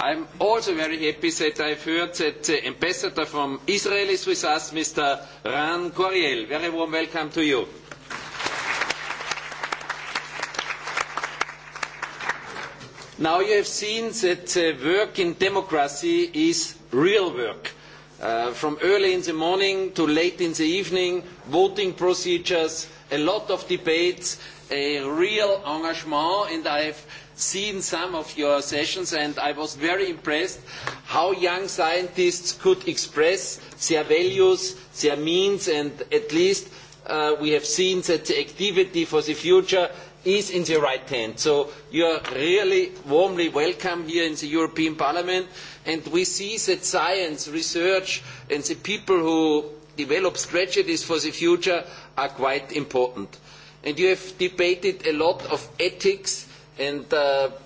I am also very happy that I have heard that the ambassador from Israel is with us, Mr. Ran Coriel. Very warm welcome to you. Now you have seen that work in democracy is real work. From early in the morning to late in the evening, voting procedures, a lot of debates, a real engagement, and I have seen some of your sessions and I was very impressed how young scientists could express their values, their means and at least we have seen that the activity for the future is in the right hand. So you are really warmly welcome here in the European Parliament and we see that science, research and the people who develop strategies for the future are quite important. you have debated a lot of ethics and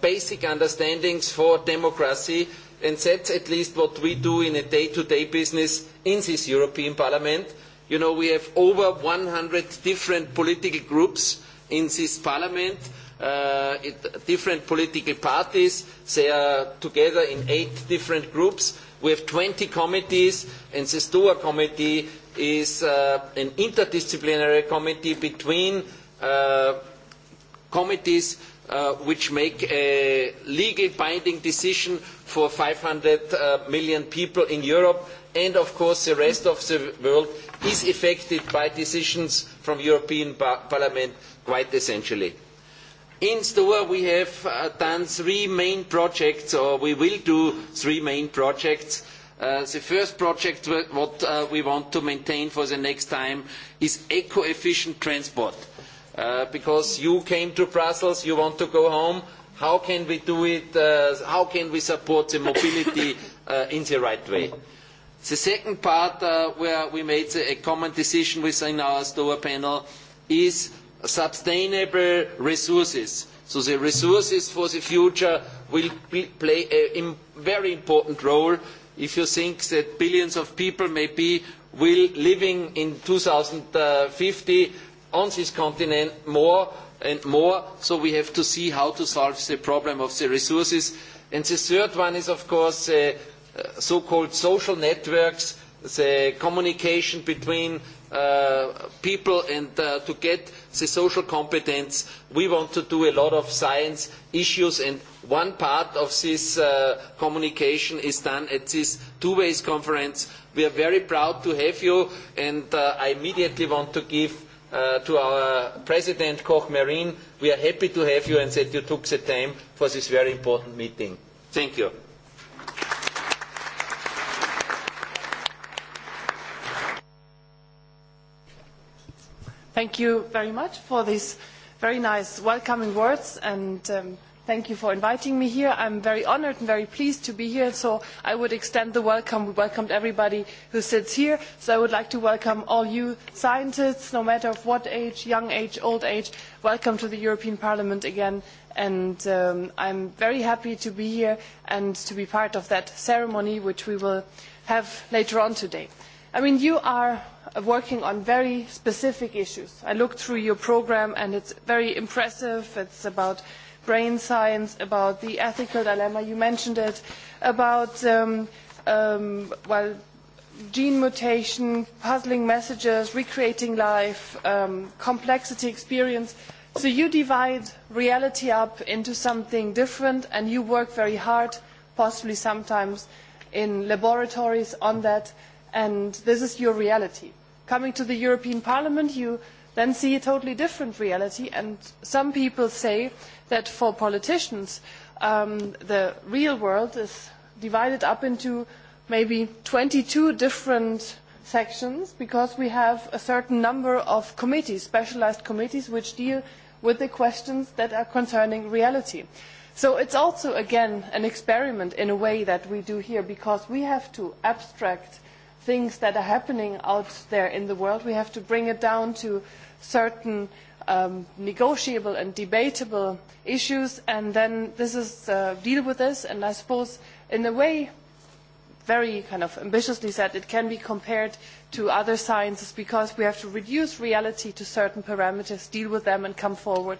basic understandings for democracy and that's at least what we do in a day-to-day business in this European Parliament. You know, we have over 100 different political groups in this Parliament, different political parties. They are together in eight different groups. We have 20 committees, and the STUA committee is an interdisciplinary committee between committees which make a legally binding decision for 500 million people in Europe and of course the rest of the world is affected by decisions from the European Parliament quite essentially. In store we have done three main projects or we will do three main projects. The first project what we want to maintain for the next time is eco-efficient transport because you came to Brussels, you want to go home. How can we do it? How can we support the mobility in the right way? The second part where we made a common decision within our STOA panel is sustainable resources. So the resources for the future will play a very important role. If you think that billions of people maybe will living in 2050 on this continent more and more, so we have to see how to solve the problem of the resources. And the third one is, of course, the so-called social networks, the communication between people and to get the social competence. We want to do a lot of science issues and one part of this communication is done at this two-ways conference. We are very proud to have you and I immediately want to give to our President Koch Marin, we are happy to have you and that you took the time for this very important meeting. Thank you. Thank you very much for these very nice welcoming words and Thank you for inviting me here. I'm very honoured and very pleased to be here, so I would extend the welcome. We welcomed everybody who sits here, so I would like to welcome all you scientists, no matter of what age, young age, old age. Welcome to the European Parliament again, and I'm very happy to be here and to be part of that ceremony which we will have later on today. I mean, you are working on very specific issues. I looked through your programme and it's very impressive. It's about brain science, about the ethical dilemma, you mentioned it, about gene mutation, puzzling messages, recreating life, complexity experience. So you divide reality up into something different and you work very hard, possibly sometimes in laboratories on that, and this is your reality. Coming to the European Parliament, you then see a totally different reality, and some people say that for politicians the real world is divided up into maybe 22 different sections because we have a certain number of committees, specialized committees, which deal with the questions that are concerning reality. So it's also, again, an experiment in a way that we do here because we have to abstract things that are happening out there in the world. We have to bring it down to certain negotiable and debatable issues and then this is deal with this and I suppose in a way very kind of ambitiously said it can be compared to other sciences because we have to reduce reality to certain parameters, deal with them and come forward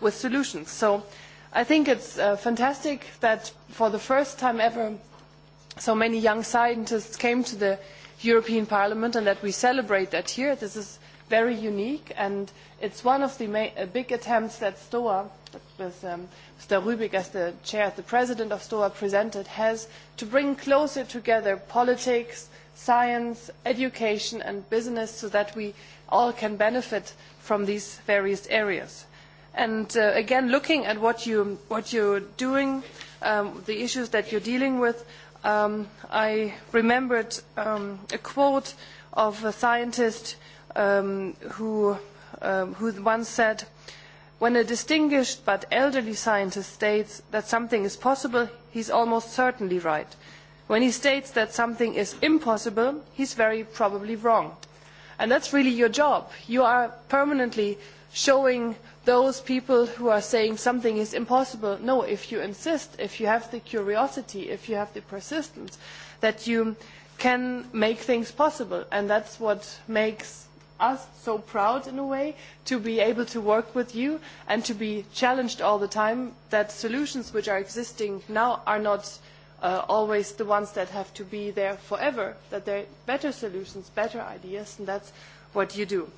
with solutions. So I think it's fantastic that for the first time ever so many young scientists came to the European Parliament and that we celebrate that here. This is very unique and it's one of the big attempts that STOA, with Mr. Rubik as the chair, the president of STOA presented, has to bring closer together politics, science, education and business so that we all can benefit from these various areas. And again, looking at what you you're doing, the issues that you're dealing with, I remembered a quote of a scientist who once said, when a distinguished but elderly scientist states that something is possible, he's almost certainly right. When he states that something is impossible, he's very probably wrong. And that's really your job. You are permanently showing those people who are saying something is impossible, no, if you insist, if you have the curiosity, if you have the persistence, that you can make things possible. And that's what makes us so proud in a way to be able to work with you and to be challenged all the time that solutions which are existing now are not always the ones that have to be there forever, that there are better solutions, better ideas, and that's what you do.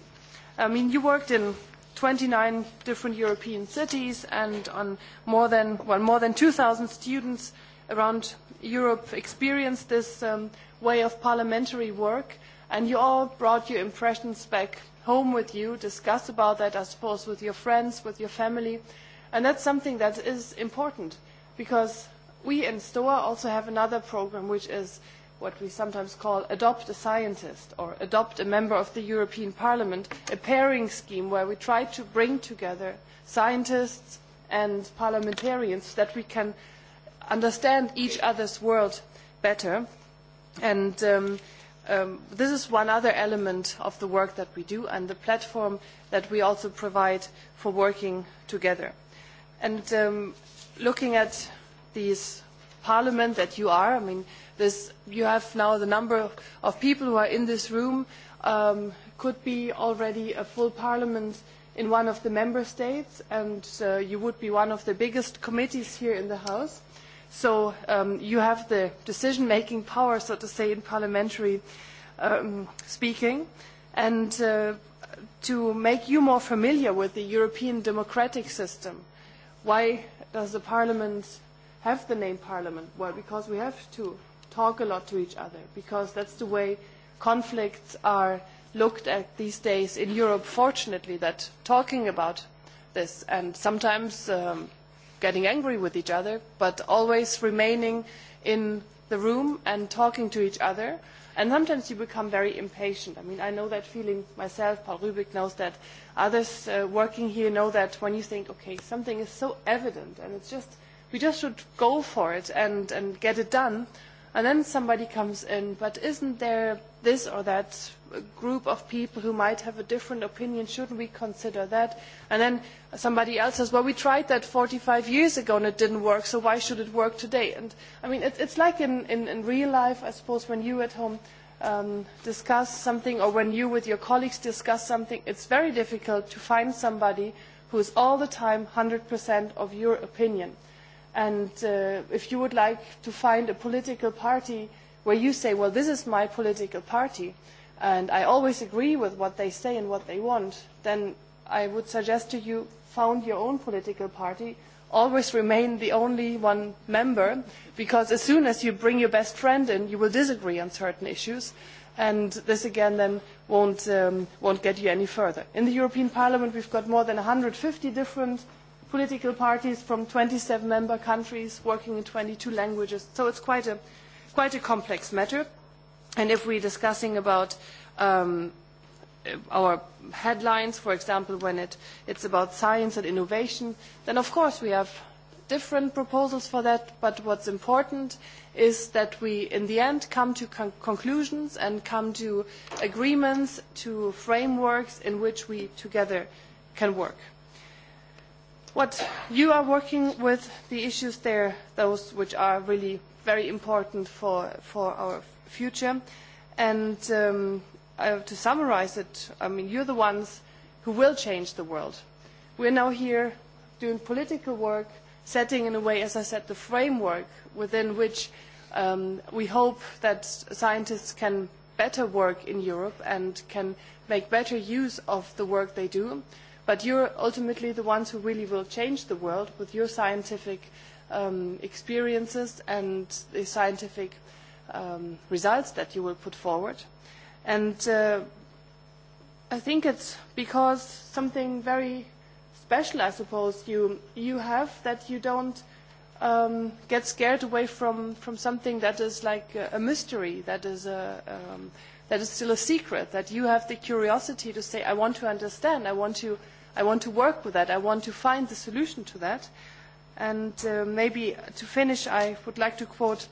I mean, you worked in 29 different European cities and on more than, well, more than 2,000 students around Europe experienced this way of parliamentary work and you all brought your impressions back home with you, discussed about that, I suppose, with your friends, with your family, and that's something that is important, because we in STOA also have another program, which is what we sometimes call adopt a scientist or adopt a member of the European Parliament, a pairing scheme where we try to bring together scientists and parliamentarians so that we can understand each other's world better. And This is one other element of the work that we do and the platform that we also provide for working together. And looking at this parliament that you are, I mean, you have now the number of people who are in this room, could be already a full parliament in one of the member states, and you would be one of the biggest committees here in the House So you have the decision-making power, so to say, in parliamentary speaking. And to make you more familiar with the European democratic system, why does the Parliament have the name Parliament? Well, because we have to talk a lot to each other, because that's the way conflicts are looked at these days in Europe, fortunately, that talking about this and sometimes getting angry with each other, but always remaining in the room and talking to each other. And sometimes you become very impatient. I mean, I know that feeling myself. Paul Rubik knows that. Others working here know that when you think, okay, something is so evident and it's just, we just should go for it and, and get it done and then somebody comes in. But isn't there this or that group of people who might have a different opinion? Shouldn't we consider that? And then somebody else says, well, we tried that 45 years ago and it didn't work, so why should it work today? And I mean, it's like in real life, I suppose, when you at home discuss something or when you with your colleagues discuss something, it's very difficult to find somebody who is all the time 100% of your opinion and if you would like to find a political party where you say well this is my political party and i always agree with what they say and what they want then i would suggest to you found your own political party always remain the only one member because as soon as you bring your best friend in you will disagree on certain issues and this again then won't get you any further. in the european parliament we've got more than 150 different political parties from 27 member countries working in 22 languages. So it's quite a quite a complex matter. And if we're discussing about our headlines, for example, when it it's about science and innovation, then of course we have different proposals for that, but what's important is that we, in the end, come to conclusions and come to agreements, to frameworks in which we together can work. What you are working with the issues there, those which are really very important for for our future, and to summarise it, I mean you're the ones who will change the world. We are now here doing political work, setting in a way, as I said, the framework within which we hope that scientists can better work in Europe and can make better use of the work they do but you're ultimately the ones who really will change the world with your scientific experiences and the scientific results that you will put forward. And I think it's because something very special, I suppose, you you have that you don't get scared away from from something that is like a mystery, that is a that is still a secret, that you have the curiosity to say, I want to understand, I want to I want to work with that. I want to find the solution to that. And maybe to finish, I would like to quote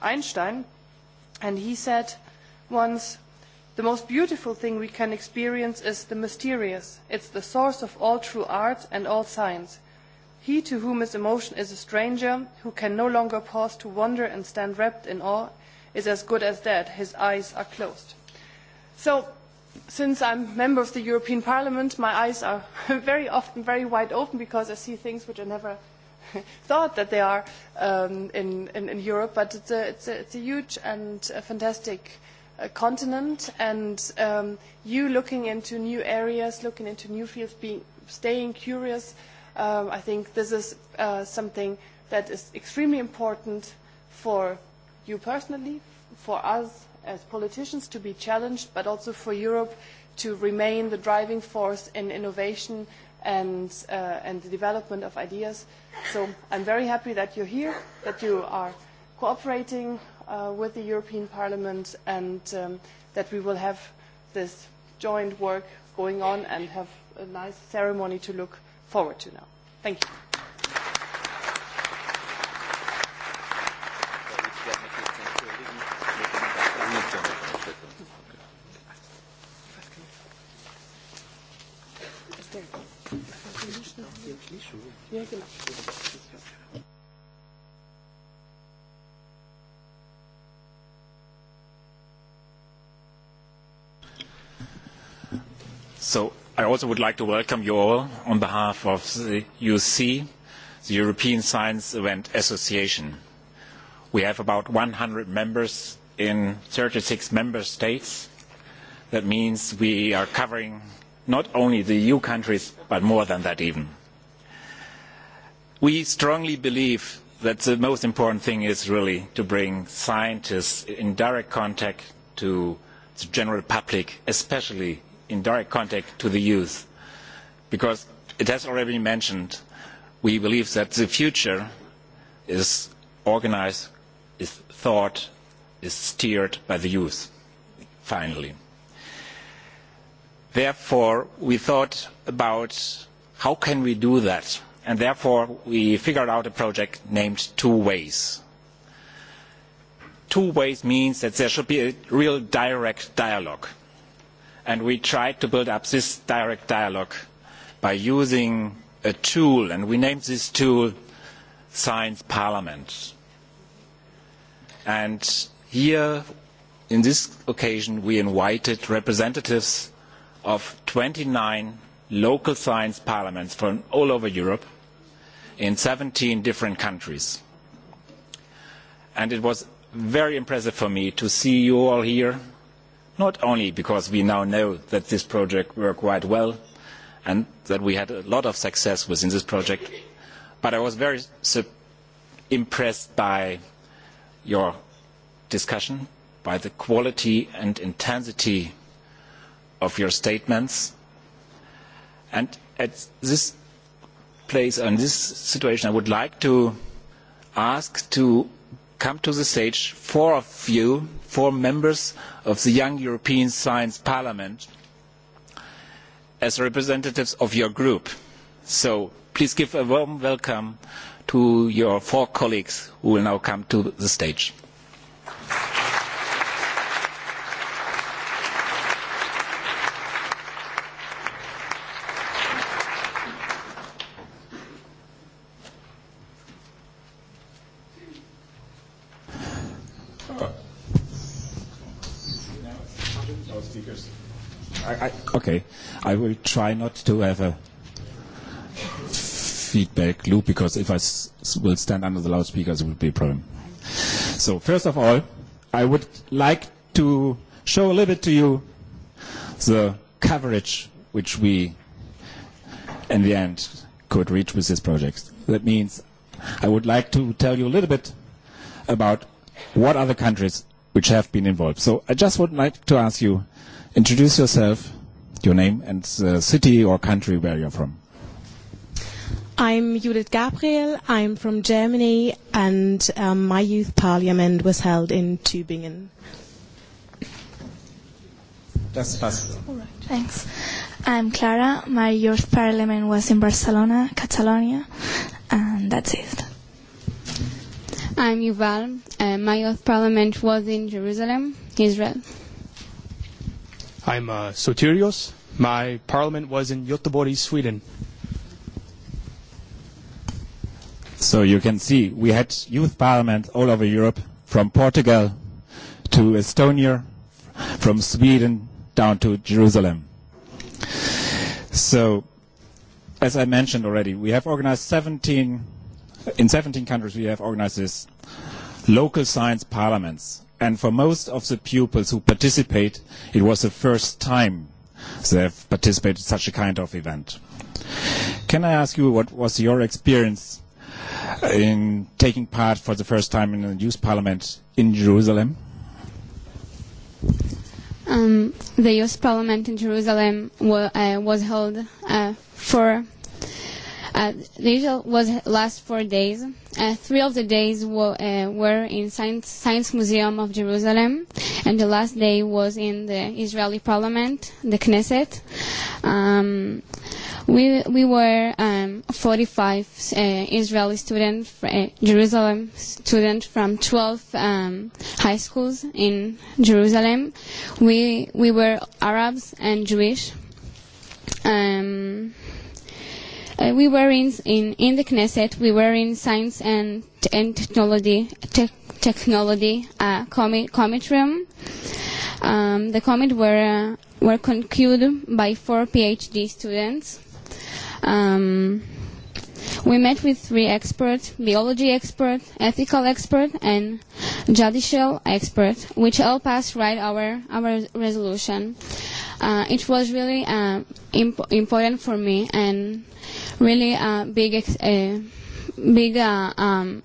Einstein. And he said once, the most beautiful thing we can experience is the mysterious. It's the source of all true art and all science. He to whom his emotion is a stranger, who can no longer pause to wonder and stand wrapped in awe, is as good as dead. His eyes are closed. So since I'm a member of the European Parliament, my eyes are very often very wide open because I see things which I never thought that they are in Europe. But it's a huge and fantastic continent, and you looking into new areas, looking into new fields, staying curious, I think this is something that is extremely important for you personally, for us as politicians to be challenged, but also for Europe to remain the driving force in innovation and the development of ideas. So I'm very happy that you're here, that you are cooperating with the European Parliament, and that we will have this joint work going on and have a nice ceremony to look forward to now. Thank you. So I also would like to welcome you all on behalf of the UC, the European Science Event Association. We have about 100 members in 36 member states. That means we are covering not only the EU countries, but more than that even. We strongly believe that the most important thing is really to bring scientists in direct contact to the general public, especially in direct contact to the youth. Because it has already been mentioned, we believe that the future is organised, is thought, is steered by the youth, finally. Therefore, we thought about how can we do that, and therefore we figured out a project named Two Ways. Two Ways means that there should be a real direct dialogue and we tried to build up this direct dialogue by using a tool, and we named this tool Science Parliament. And here, in this occasion, we invited representatives of 29 local science parliaments from all over Europe in 17 different countries. And it was very impressive for me to see you all here not only because we now know that this project worked quite well and that we had a lot of success within this project, but I was very impressed by your discussion, by the quality and intensity of your statements. And at this place, in this situation, I would like to ask to come to the stage, four of you, four members of the Young European Science Parliament, as representatives of your group. So please give a warm welcome to your four colleagues who will now come to the stage. I will try not to have a feedback loop because if I will stand under the loudspeakers, it would be a problem. So first of all, I would like to show a little bit to you the coverage which we, in the end, could reach with this project. That means I would like to tell you a little bit about what other countries which have been involved. So I just would like to ask you, introduce yourself your name and city or country where you're from. I'm Judith Gabriel. I'm from Germany, and my youth parliament was held in Tübingen. That's possible. All right. Thanks. I'm Clara. My youth parliament was in Barcelona, Catalonia, and that's it. I'm Yuval. My youth parliament was in Jerusalem, Israel. I'm Sotirios. My parliament was in Göteborg, Sweden. So you can see we had youth parliament all over Europe, from Portugal to Estonia, from Sweden down to Jerusalem. So, as I mentioned already, we have organized 17, in 17 countries we have organized this local science parliaments and for most of the pupils who participate, it was the first time they have participated in such a kind of event. Can I ask you what was your experience in taking part for the first time in the Youth Parliament in Jerusalem? Um The Youth Parliament in Jerusalem was held for The usual was last four days. Three of the days were in Science Museum of Jerusalem, and the last day was in the Israeli Parliament, the Knesset. Um We we were um 45 Israeli students, Jerusalem students from 12 high schools in Jerusalem. We we were Arabs and Jewish. Um We were in in the Knesset. We were in Science and and Technology Technology commit Room. The commit were were concluded by four PhD students. We met with three experts, biology expert, ethical expert, and judicial expert, which helped us write our our resolution. It was really important for me and really a big big um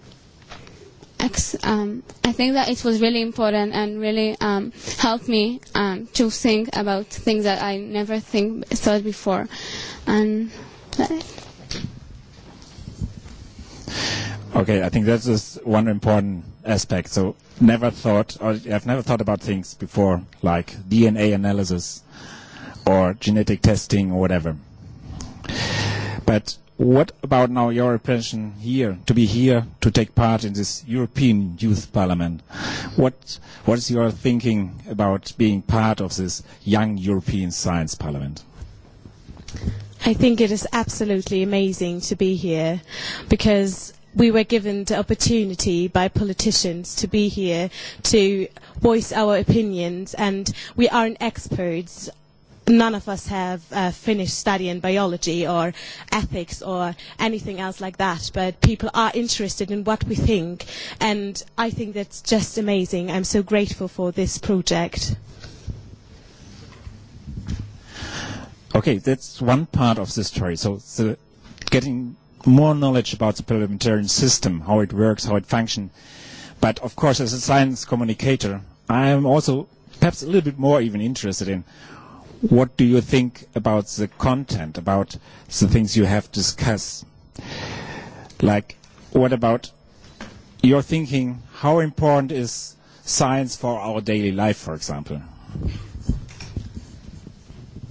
I think that it was really important and really um, helped me um, to think about things that I never think thought before. And okay, I think that's just one important aspect. So never thought, or I've never thought about things before, like DNA analysis or genetic testing or whatever. But what about now your impression here, to be here, to take part in this European Youth Parliament? What what is your thinking about being part of this young European Science Parliament? I think it is absolutely amazing to be here because we were given the opportunity by politicians to be here to voice our opinions and we aren't experts none of us have finished studying biology or ethics or anything else like that but people are interested in what we think and i think that's just amazing i'm so grateful for this project okay that's one part of the story so getting more knowledge about the parliamentarian system how it works how it functions but of course as a science communicator i am also perhaps a little bit more even interested in what do you think about the content, about the things you have discussed? Like, what about your thinking, how important is science for our daily life, for example?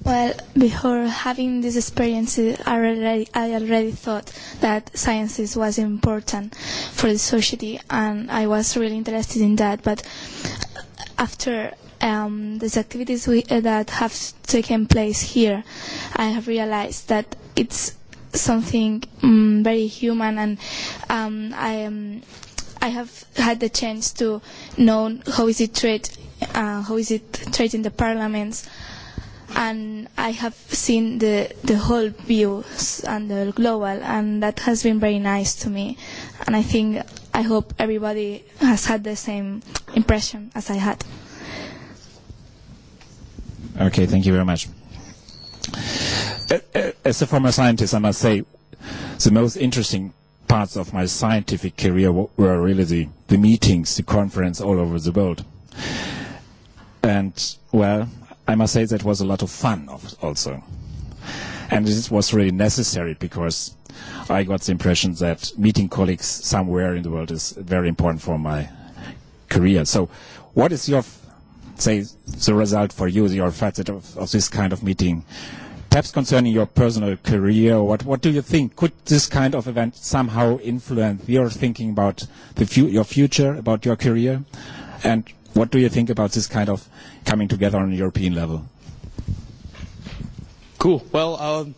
Well, before having this experience, I already I already thought that sciences was important for the society, and I was really interested in that. But after these activities that have taken place here, I have realized that it's something very human and I I have had the chance to know how is it treated, how is it treated in the parliaments, and I have seen the the whole view and the global, and that has been very nice to me, and I think I hope everybody has had the same impression as I had. Okay, thank you very much. As a former scientist, I must say, the most interesting parts of my scientific career were really the, the meetings, the conference all over the world. And, well, I must say that was a lot of fun also. And this was really necessary because I got the impression that meeting colleagues somewhere in the world is very important for my career. So what is your say, the result for you, your facet of this kind of meeting. Perhaps concerning your personal career, what do you think? Could this kind of event somehow influence your thinking about your future, about your career? And what do you think about this kind of coming together on a European level? Cool. Well,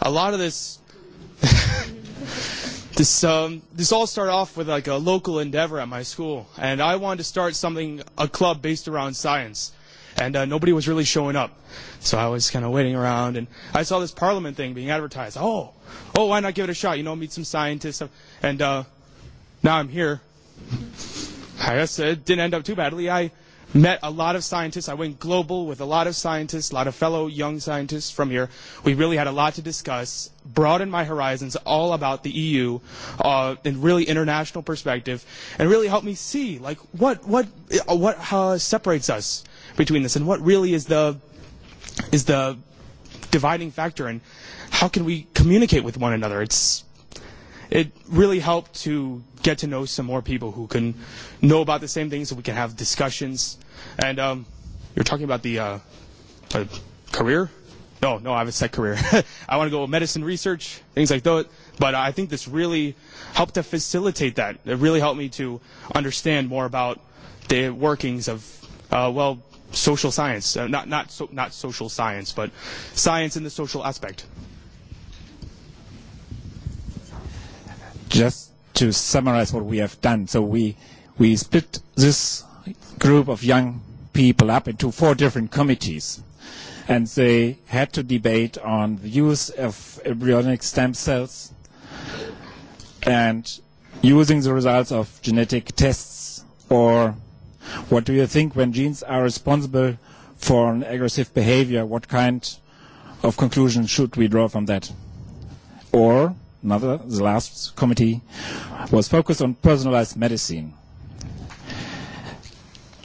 a lot of this This um this all started off with like a local endeavor at my school and I wanted to start something a club based around science and nobody was really showing up. So I was kind of waiting around and I saw this parliament thing being advertised. Oh, oh why not give it a shot? You know, meet some scientists and uh now I'm here. I guess it didn't end up too badly. I met a lot of scientists. I went global with a lot of scientists, a lot of fellow young scientists from here. We really had a lot to discuss, broadened my horizons all about the EU in really international perspective, and really helped me see like what what what separates us between this and what really is the is the dividing factor and how can we communicate with one another. It's it really helped to get to know some more people who can know about the same things so we can have discussions. And um, you're talking about the uh, career? No, no, I have a set career. I want to go medicine research, things like that. But I think this really helped to facilitate that. It really helped me to understand more about the workings of, uh, well, social science. Uh, not, not, so, not social science, but science in the social aspect. just to summarize what we have done. So we we split this group of young people up into four different committees, and they had to debate on the use of embryonic stem cells and using the results of genetic tests or what do you think when genes are responsible for an aggressive behavior, what kind of conclusion should we draw from that? Or another, the last committee, was focused on personalized medicine.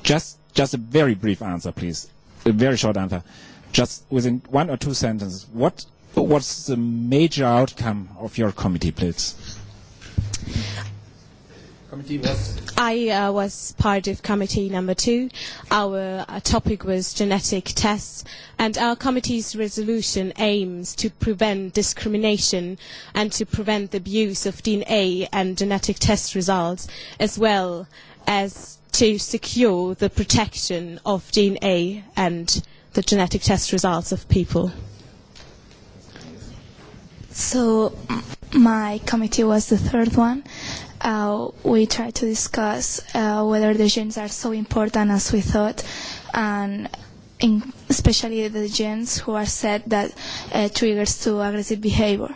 Just, just a very brief answer, please. A very short answer. Just within one or two sentences. What, what's the major outcome of your committee, please? committee was? I was part of committee number two. Our topic was genetic tests, and our committee's resolution aims to prevent discrimination and to prevent the abuse of DNA and genetic test results, as well as to secure the protection of DNA and the genetic test results of people. So My committee was the third one. We tried to discuss whether the genes are so important as we thought, and especially the genes who are said that triggers to aggressive behavior.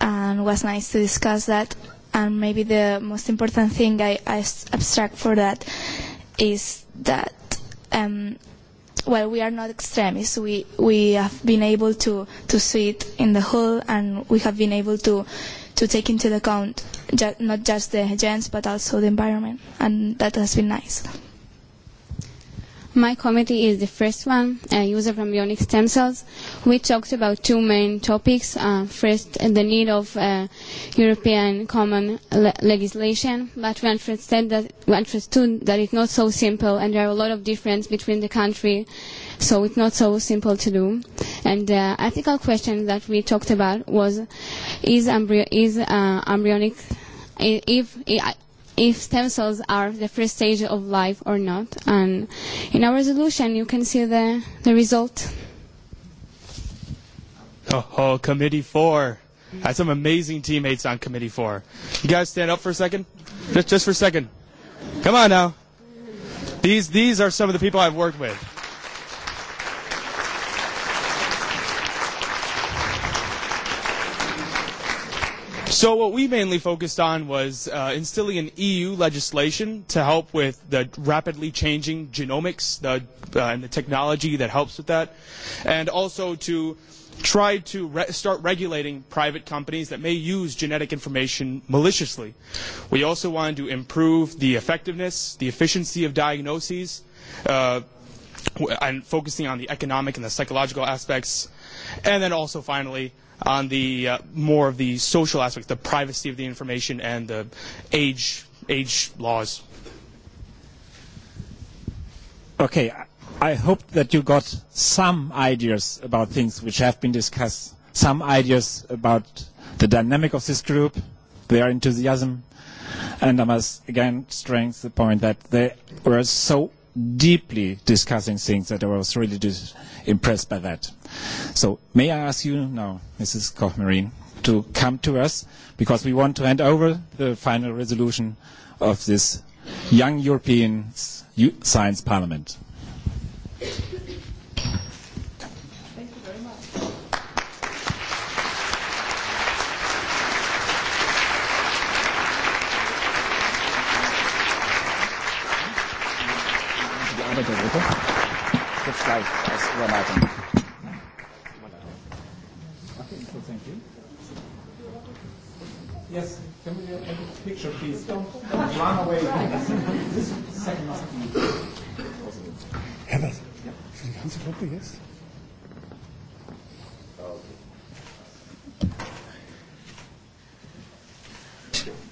And it was nice to discuss that. And maybe the most important thing I abstract for that is that well, we are not extremists. We we have been able to to see it in the whole, and we have been able to to take into account not just the gens but also the environment, and that has been nice. My committee is the first one, user of embryonic stem cells. We talked about two main topics. First, the need of European common legislation, but we understood that it's not so simple and there are a lot of differences between the country, so it's not so simple to do. And the ethical question that we talked about was, is embryonic, if if stem cells are the first stage of life or not. And in our resolution, you can see the, the result. Oh, Committee four, I have some amazing teammates on Committee four. You guys stand up for a second? Just, just for a second. Come on now. These, these are some of the people I've worked with. So what we mainly focused on was instilling an EU legislation to help with the rapidly changing genomics and the technology that helps with that, and also to try to start regulating private companies that may use genetic information maliciously. We also wanted to improve the effectiveness, the efficiency of diagnoses, and focusing on the economic and the psychological aspects. And then also, finally, on the more of the social aspects, the privacy of the information and the age age laws. Okay, I hope that you got some ideas about things which have been discussed, some ideas about the dynamic of this group, their enthusiasm, and I must again strengthen the point that they were so deeply discussing things that I was really impressed by that. So may I ask you now, Mrs. koch to come to us because we want to hand over the final resolution of this Young European Science Parliament.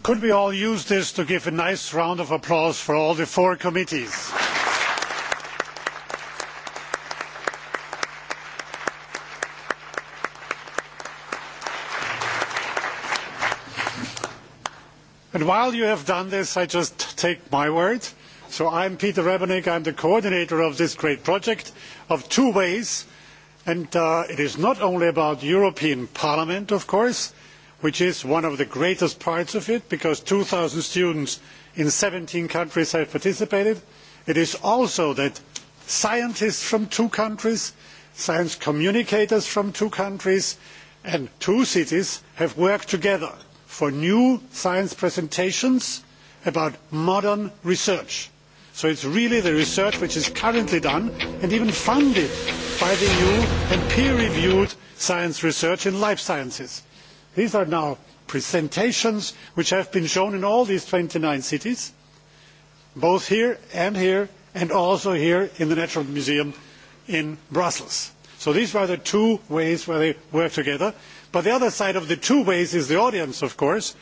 Could we all use this to give a nice round of applause for all the four committees? And while you have done this, I just take my word. So I'm Peter Rebenig. I'm the coordinator of this great project of two ways. And it is not only about European Parliament, of course, which is one of the greatest parts of it, because 2,000 students in 17 countries have participated. It is also that scientists from two countries, science communicators from two countries and two cities have worked together for new science presentations about modern research. So it's really the research which is currently done and even funded by the EU and peer-reviewed science research in life sciences. These are now presentations which have been shown in all these 29 cities, both here and here, and also here in the Natural Museum in Brussels. So these were the two ways where they work together but the other side of the two ways is the audience of course.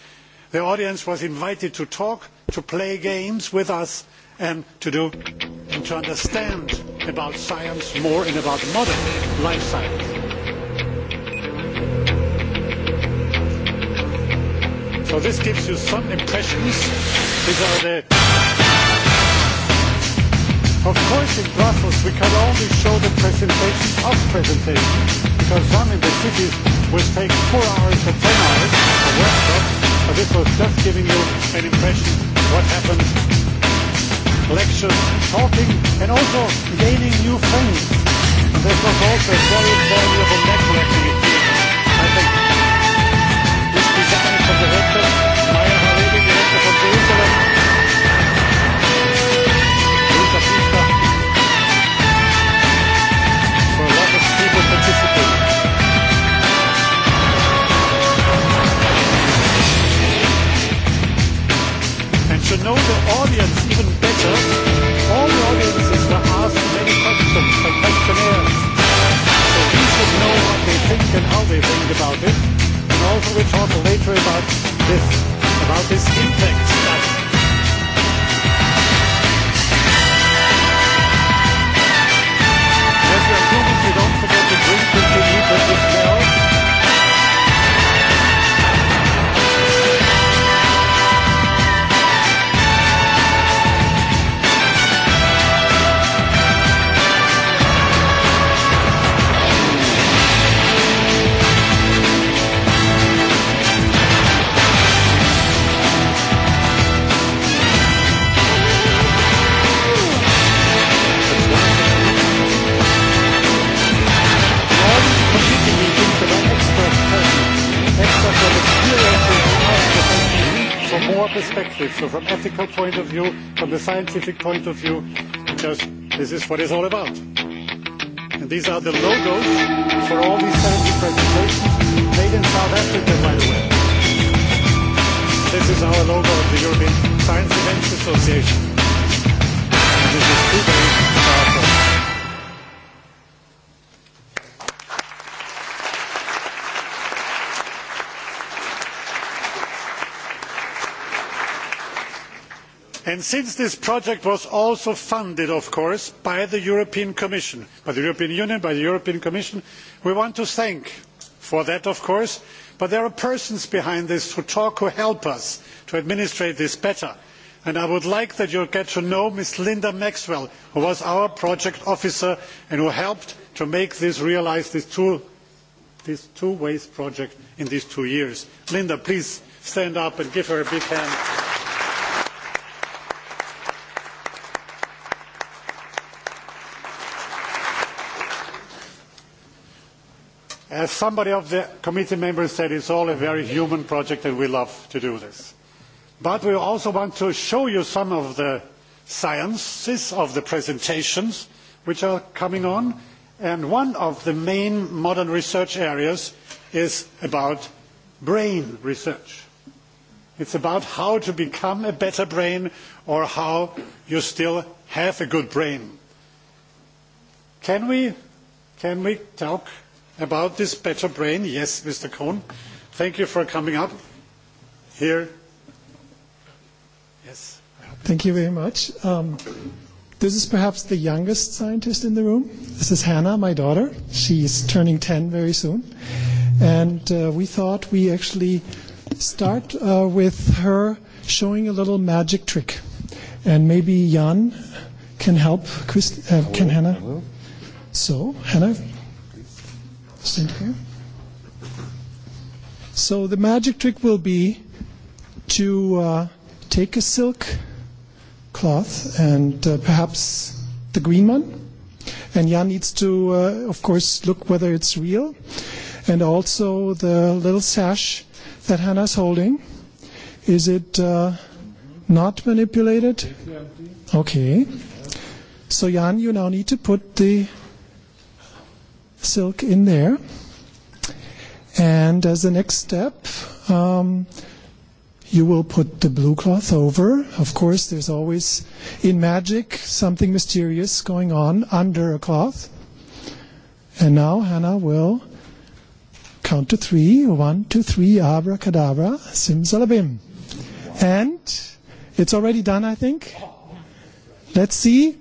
the audience was invited to talk to play games with us and to do and to understand about science more and about modern life science. so this gives you some impressions. these are the of course in brussels we can only show the presentation of presentations in the cities was taking four hours or ten hours a workshop, but this was just giving you an impression what happens. Lectures, talking, and also gaining new friends. And this was also very valuable networking experience. I think this design from the headset, Maya Halevi, director from participate. And to know the audience even better, all the audiences were asked many questions by questionnaires. So we should know what they think and how they think about it. And also we talk later about this, about this impact that Εν πνεύματι της perspective, so from ethical point of view, from the scientific point of view, because this is what it's all about. And these are the logos for all these scientific presentations made in South Africa, by the way. This is our logo of the European Science Events Association. this is and since this project was also funded of course by the european commission by the european union by the european commission we want to thank for that of course but there are persons behind this who talk who help us to administrate this better and i would like that you get to know ms linda maxwell who was our project officer and who helped to make this realise this two way project in these two years. linda please stand up and give her a big hand. As somebody of the committee members said, it's all a very human project and we love to do this. But we also want to show you some of the sciences of the presentations which are coming on. And one of the main modern research areas is about brain research. It's about how to become a better brain or how you still have a good brain. Can we talk About this better brain, yes, Mr. Cohn. Thank you for coming up here. Yes. Thank you very much. This is perhaps the youngest scientist in the room. This is Hannah, my daughter. She's turning 10 very soon. And we thought we actually start with her showing a little magic trick. And maybe Jan can help, can Hannah. So, Hannah So the magic trick will be to take a silk cloth and perhaps the green one. And Jan needs to, of course, look whether it's real. And also the little sash that Hannah's holding. Is it not manipulated? Okay. So Jan, you now need to put the silk in there. And as the next step, um, you will put the blue cloth over. Of course, there's always, in magic, something mysterious going on under a cloth. And now Hannah will count to three. One, two, three, abracadabra, simsalabim. And it's already done, I think. Let's see.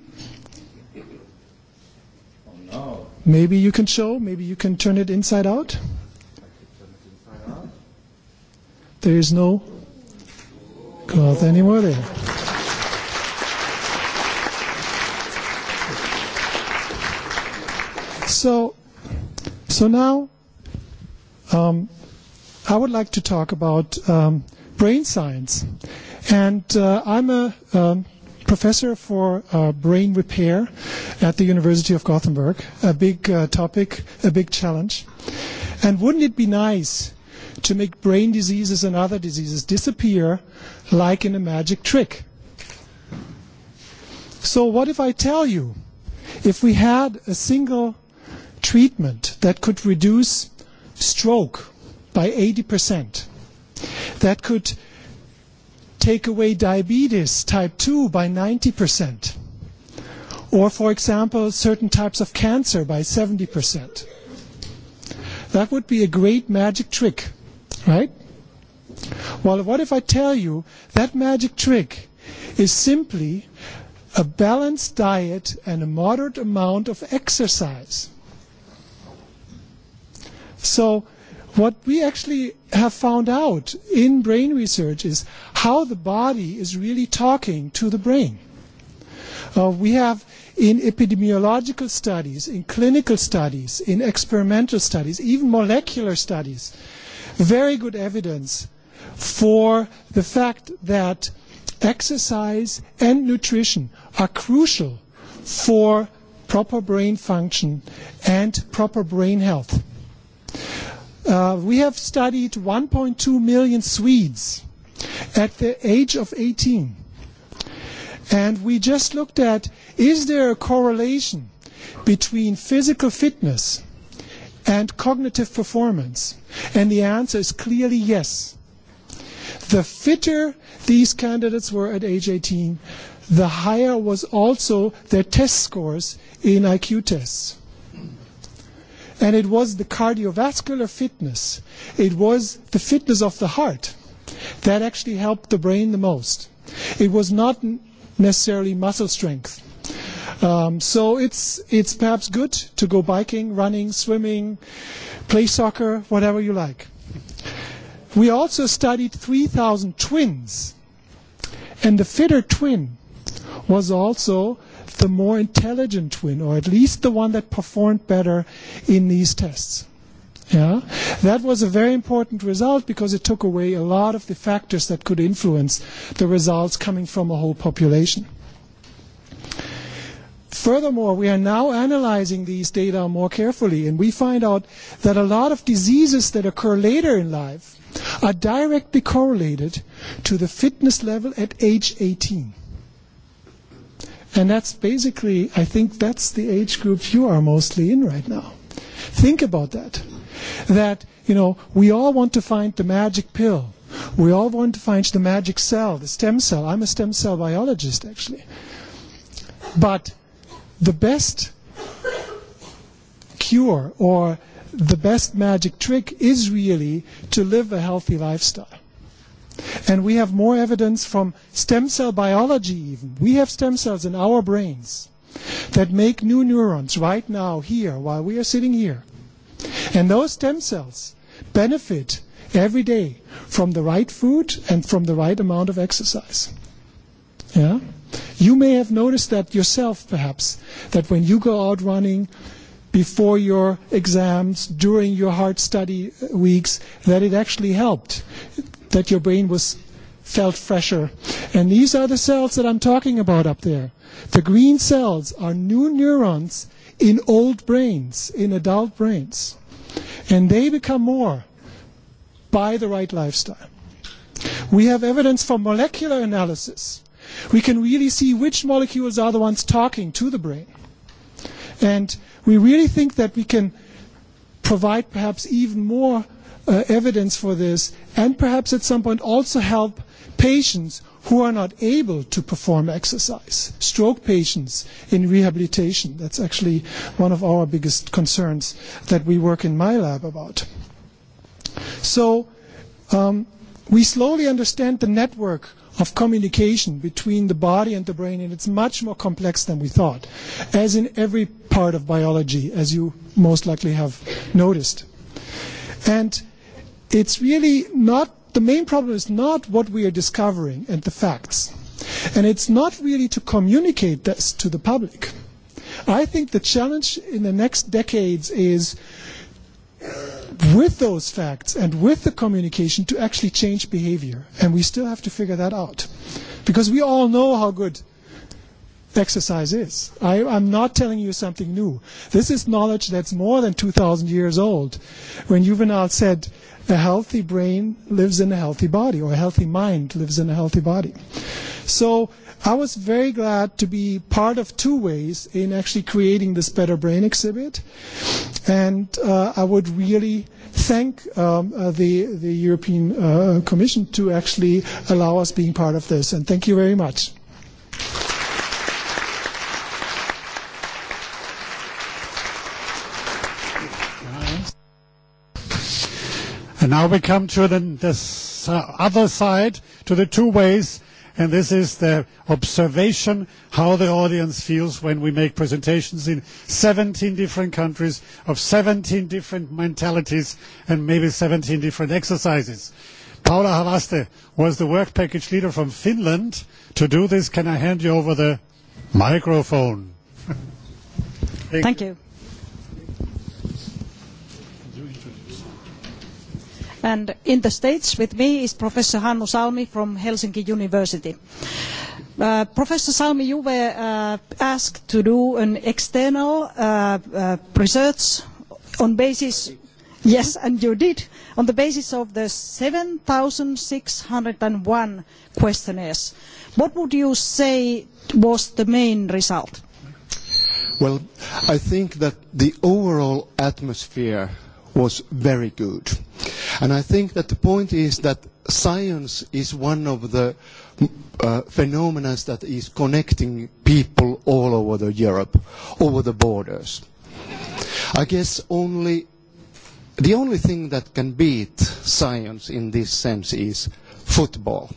Oh, no. Maybe you can show, maybe you can turn it inside out. There is no cloth anymore there. So, so now um, I would like to talk about um, brain science. And uh, I'm a um, professor for brain repair at the University of Gothenburg, a big topic, a big challenge. And wouldn't it be nice to make brain diseases and other diseases disappear like in a magic trick? So what if I tell you, if we had a single treatment that could reduce stroke by 80%, that could take away diabetes type 2 by 90%, or, for example, certain types of cancer by 70%. That would be a great magic trick, right? Well, what if I tell you that magic trick is simply a balanced diet and a moderate amount of exercise? So, What we actually have found out in brain research is how the body is really talking to the brain. We have in epidemiological studies, in clinical studies, in experimental studies, even molecular studies, very good evidence for the fact that exercise and nutrition are crucial for proper brain function and proper brain health. We have studied 1.2 million Swedes at the age of 18. And we just looked at, is there a correlation between physical fitness and cognitive performance? And the answer is clearly yes. The fitter these candidates were at age 18, the higher was also their test scores in IQ tests and it was the cardiovascular fitness it was the fitness of the heart that actually helped the brain the most it was not necessarily muscle strength so it's it's perhaps good to go biking running swimming play soccer whatever you like we also studied 3000 twins and the fitter twin was also the more intelligent twin, or at least the one that performed better in these tests. Yeah, that was a very important result because it took away a lot of the factors that could influence the results coming from a whole population. Furthermore, we are now analyzing these data more carefully, and we find out that a lot of diseases that occur later in life are directly correlated to the fitness level at age 18. And that's basically, I think that's the age group you are mostly in right now. Think about that. That, you know, we all want to find the magic pill. We all want to find the magic cell, the stem cell. I'm a stem cell biologist, actually. But the best cure or the best magic trick is really to live a healthy lifestyle And we have more evidence from stem cell biology even. We have stem cells in our brains that make new neurons right now here while we are sitting here. And those stem cells benefit every day from the right food and from the right amount of exercise. Yeah? You may have noticed that yourself perhaps, that when you go out running before your exams, during your hard study weeks, that it actually helped that your brain was felt fresher. And these are the cells that I'm talking about up there. The green cells are new neurons in old brains, in adult brains. And they become more by the right lifestyle. We have evidence for molecular analysis. We can really see which molecules are the ones talking to the brain. And we really think that we can provide perhaps even more evidence for this and perhaps at some point also help patients who are not able to perform exercise, stroke patients in rehabilitation. That's actually one of our biggest concerns that we work in my lab about. So we slowly understand the network of communication between the body and the brain, and it's much more complex than we thought, as in every part of biology, as you most likely have noticed. And It's really not the main problem is not what we are discovering and the facts. And it's not really to communicate this to the public. I think the challenge in the next decades is with those facts and with the communication to actually change behavior. And we still have to figure that out. Because we all know how good exercise is. I, I'm not telling you something new. This is knowledge that's more than 2,000 years old. When Juvenal said, a healthy brain lives in a healthy body, or a healthy mind lives in a healthy body. So I was very glad to be part of two ways in actually creating this Better Brain exhibit. And I would really thank the the European Commission to actually allow us being part of this. And thank you very much. now we come to the other side, to the two ways, and this is the observation, how the audience feels when we make presentations in 17 different countries, of 17 different mentalities, and maybe 17 different exercises. Paula Havaste was the work package leader from Finland. To do this, can I hand you over the microphone? Thank you. And in the States with me is Professor Hannu Salmi from Helsinki University. Professor Salmi, you were asked to do an external research on basis, yes, and you did, on the basis of the 7,601 questionnaires. What would you say was the main result? Well, I think that the overall atmosphere was very good. And I think that the point is that science is one of the phenomena that is connecting people all over Europe, over the borders. I guess only the only thing that can beat science in this sense is football.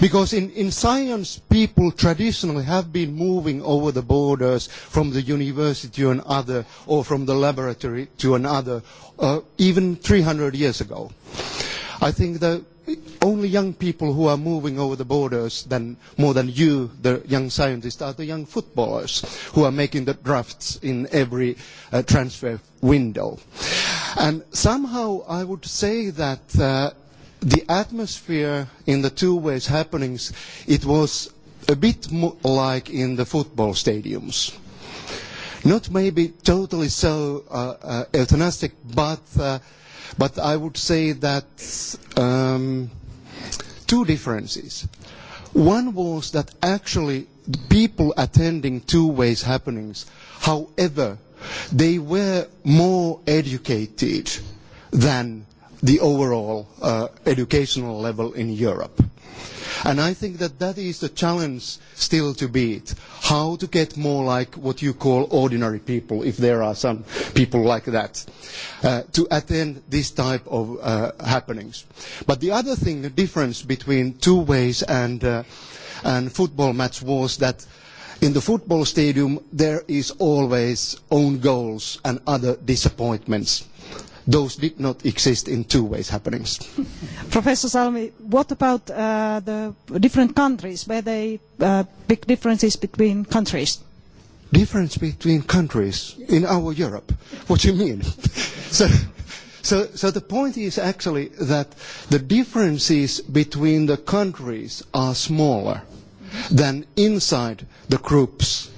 Because in science, people traditionally have been moving over the borders from the university to another or from the laboratory to another, even 300 years ago. I think the only young people who are moving over the borders than more than you, the young scientists, are the young footballers who are making the drafts in every transfer window. And somehow I would say that the atmosphere in the two ways happenings, it was a bit like in the football stadiums. Not maybe totally so euthanastic, but but I would say that two differences. One was that actually people attending two ways happenings, however, they were more educated than the overall educational level in Europe. And I think that that is the challenge still to beat, how to get more like what you call ordinary people, if there are some people like that, to attend this type of happenings. But the other thing, the difference between two ways and football match was that in the football stadium there is always own goals and other disappointments those did not exist in two ways happenings. Professor Salmi, what about the different countries? Were they big differences between countries? Difference between countries in our Europe? What do you mean? So the point is actually that the differences between the countries are smaller than inside the groups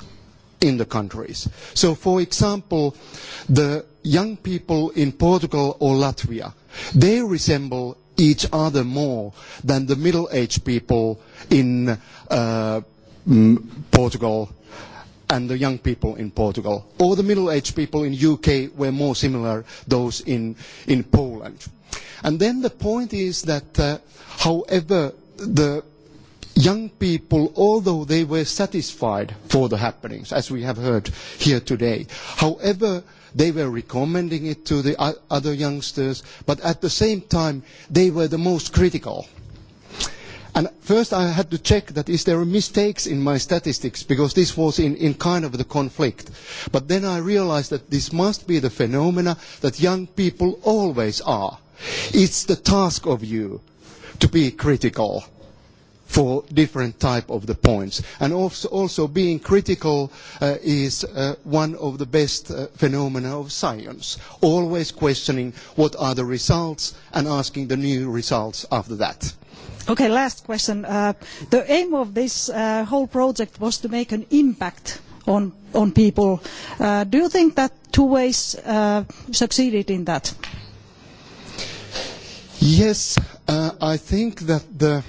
in the countries. So, for example, the young people in Portugal or Latvia, they resemble each other more than the middle-aged people in Portugal and the young people in Portugal. Or the middle-aged people in UK were more similar those in Poland. And then the point is that, however, the young people, although they were satisfied for the happenings, as we have heard here today, however, They were recommending it to the other youngsters, but at the same time, they were the most critical. And first I had to check that is there mistakes in my statistics, because this was in kind of the conflict. But then I realized that this must be the phenomena that young people always are. It's the task of you to be critical for different type of the points. And also being critical is one of the best phenomena of science. Always questioning what are the results and asking the new results after that. Okay, last question. The aim of this whole project was to make an impact on people. Do you think that two ways succeeded in that? Yes, I think that the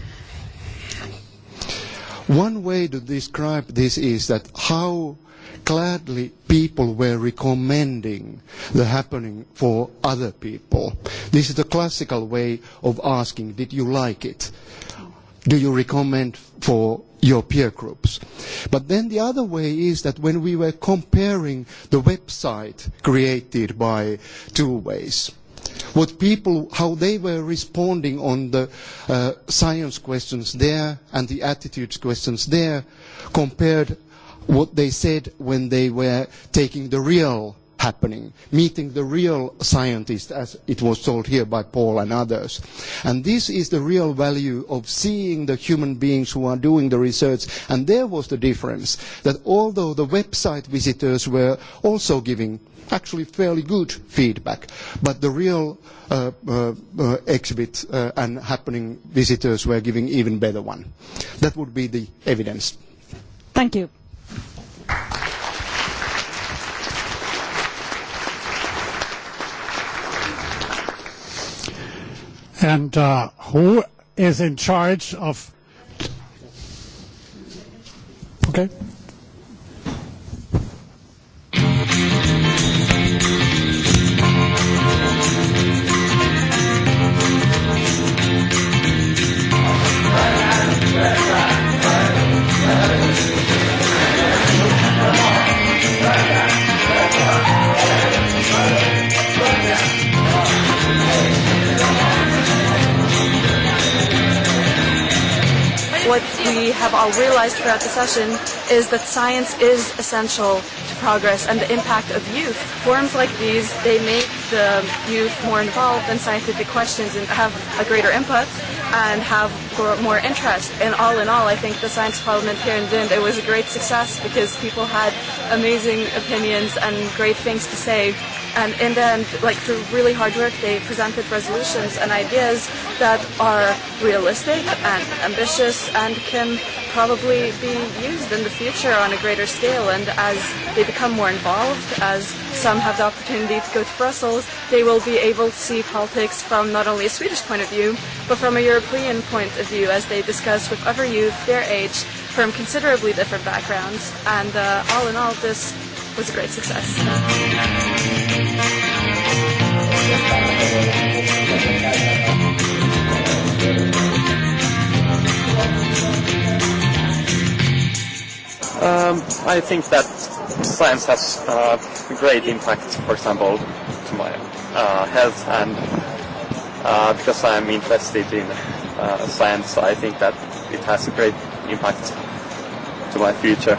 One way to describe this is that how gladly people were recommending the happening for other people. This is the classical way of asking, did you like it? Do you recommend for your peer groups? But then the other way is that when we were comparing the website created by two ways, what people, how they were responding on the science questions there and the attitudes questions there compared what they said when they were taking the real happening, meeting the real scientists, as it was told here by Paul and others. And this is the real value of seeing the human beings who are doing the research. And there was the difference, that although the website visitors were also giving actually fairly good feedback. But the real exhibit and happening visitors were giving even better one. That would be the evidence. Thank you. And who is in charge of? Okay. what we have all realized throughout the session is that science is essential to progress and the impact of youth. Forums like these, they make the youth more involved in scientific questions and have a greater input and have more interest. And all in all, I think the science parliament here in Dund, it was a great success because people had amazing opinions and great things to say And in the end, like through really hard work, they presented resolutions and ideas that are realistic and ambitious and can probably be used in the future on a greater scale. And as they become more involved, as some have the opportunity to go to Brussels, they will be able to see politics from not only a Swedish point of view, but from a European point of view as they discuss with other youth their age from considerably different backgrounds. And all in all, this was a great success. Um, I think that science has uh, great impact, for example, to my uh, health, and uh, because I'm interested in uh, science, I think that it has a great impact to my future.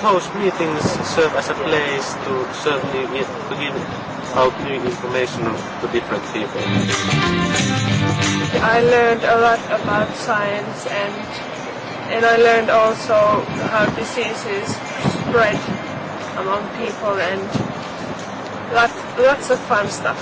Most meetings serve as a place to serve new, to give out new information to different people. I learned a lot about science and and I learned also how diseases spread among people and lots, lots of fun stuff.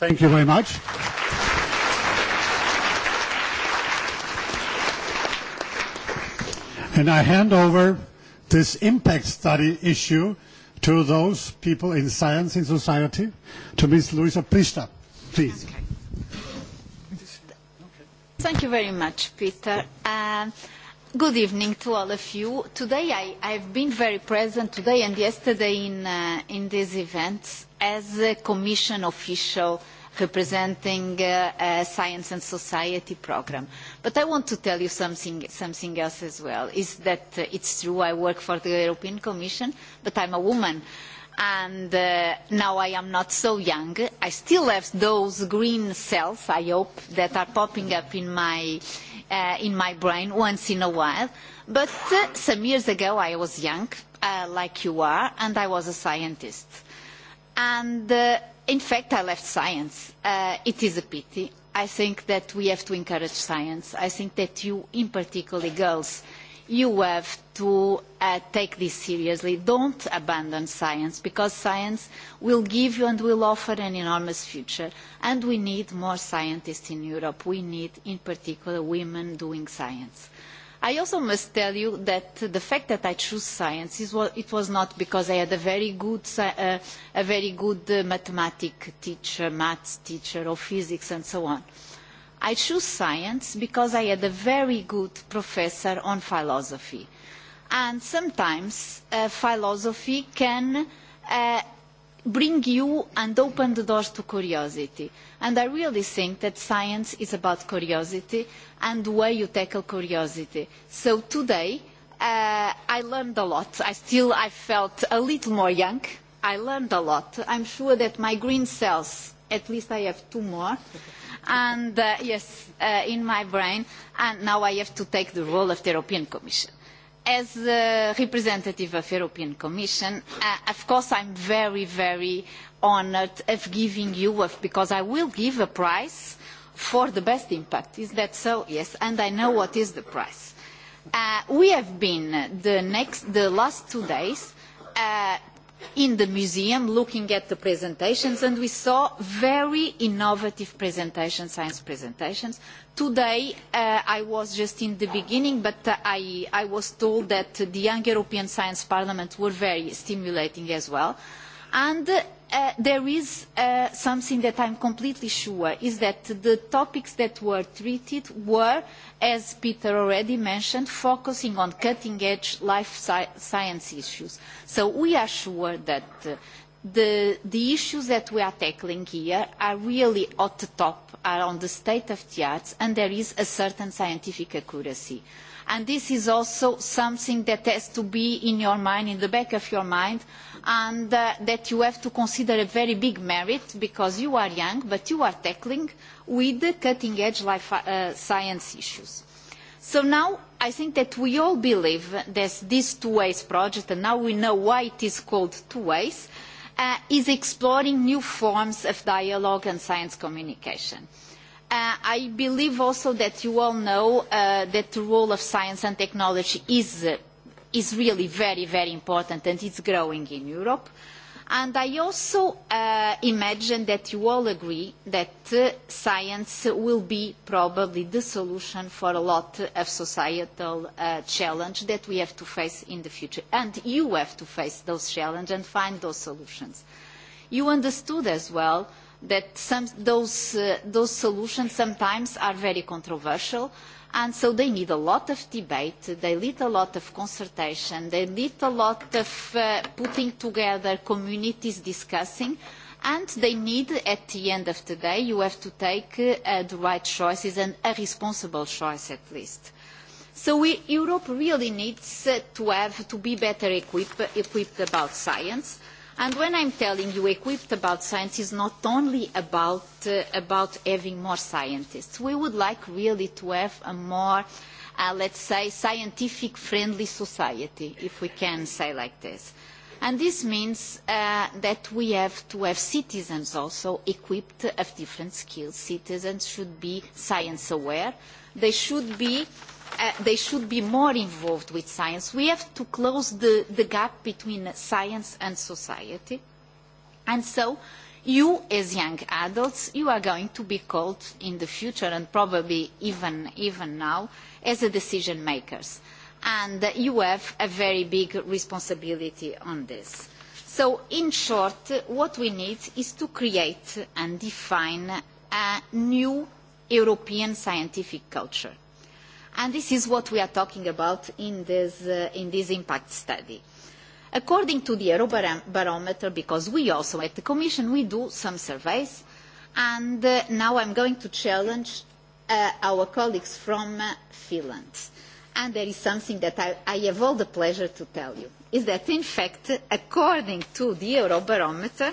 Thank you very much. And I hand over this impact study issue to those people in science in society, to Ms. Luisa Prista, please. Thank you very much, Peter. Good evening to all of you. Today I have been very present today and yesterday in these events as a Commission official representing a Science and Society programme. But I want to tell you something else as well, is that it's true I work for the European Commission, but I'm a woman. And now I am not so young. I still have those green cells, I hope, that are popping up in my brain once in a while. But some years ago I was young, like you are, and I was a scientist. And in fact I left science. It is a pity. I think that we have to encourage science. I think that you, in particular girls, you have to take this seriously. Don't abandon science, because science will give you and will offer an enormous future. And we need more scientists in Europe. We need, in particular, women doing science. I also must tell you that the fact that I chose science, is it was not because I had a very good a very good mathematics teacher, maths teacher or physics and so on. I chose science because I had a very good professor on philosophy. And sometimes philosophy can bring you and open the doors to curiosity. And I really think that science is about curiosity and the way you tackle curiosity. So today I learned a lot. I still felt a little more young. I learned a lot. I'm sure that my green cells, at least I have two more, and yes, in my brain, and now I have to take the role of the European Commission as the representative of the European Commission, of course I am very, very honoured of giving you, because I will give a prize for the best impact. Is that so? Yes, and I know what is the price. We have been the last two days in the museum looking at the presentations and we saw very innovative presentations, science presentations. Today I was just in the beginning but I was told that the Young European Science Parliament were very stimulating as well and there is something that I am completely sure, is that the topics that were treated were, as Peter already mentioned, focusing on cutting-edge life science issues. So we are sure that the issues that we are tackling here are really at the top, are on the state of the art, and there is a certain scientific accuracy. And this is also something that has to be in your mind, in the back of your mind, and that you have to consider a very big merit because you are young but you are tackling with the cutting edge life science issues. So now I think that we all believe that this two ways project and now we know why it is called two ways is exploring new forms of dialogue and science communication. I believe also that you all know that the role of science and technology is is really very, very important and it's growing in Europe. And I also imagine that you all agree that science will be probably the solution for a lot of societal challenge that we have to face in the future. And you have to face those challenges and find those solutions. You understood as well that those solutions sometimes are very controversial and so they need a lot of debate, they need a lot of consultation, they need a lot of putting together communities discussing, and they need, at the end of the day, you have to take the right choices and a responsible choice at least. So Europe really needs to have to be better equipped about science And when I'm telling you equipped about science, is not only about having more scientists. We would like really to have a more, let's say, scientific-friendly society, if we can say like this. And this means that we have to have citizens also equipped of different skills. Citizens should be science-aware. They should be they should be more involved with science. We have to close the gap between science and society. And so you, as young adults, you are going to be called in the future and probably even now as decision makers. And you have a very big responsibility on this. So, in short, what we need is to create and define a new European scientific culture and this is what we are talking about in this impact study. According to the Eurobarometer, because we also at the Commission, we do some surveys, and now I'm going to challenge our colleagues from Finland. And there is something that I have all the pleasure to tell you, is that in fact, according to the Eurobarometer,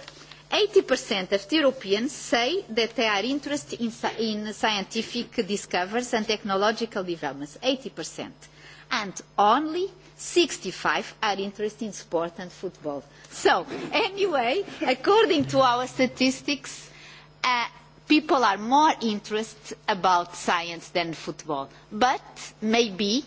80% of Europeans say that they are interested in scientific discoveries and technological developments. 80%. And only 65 are interested in sport and football. So, anyway, according to our statistics, people are more interested about science than football. But maybe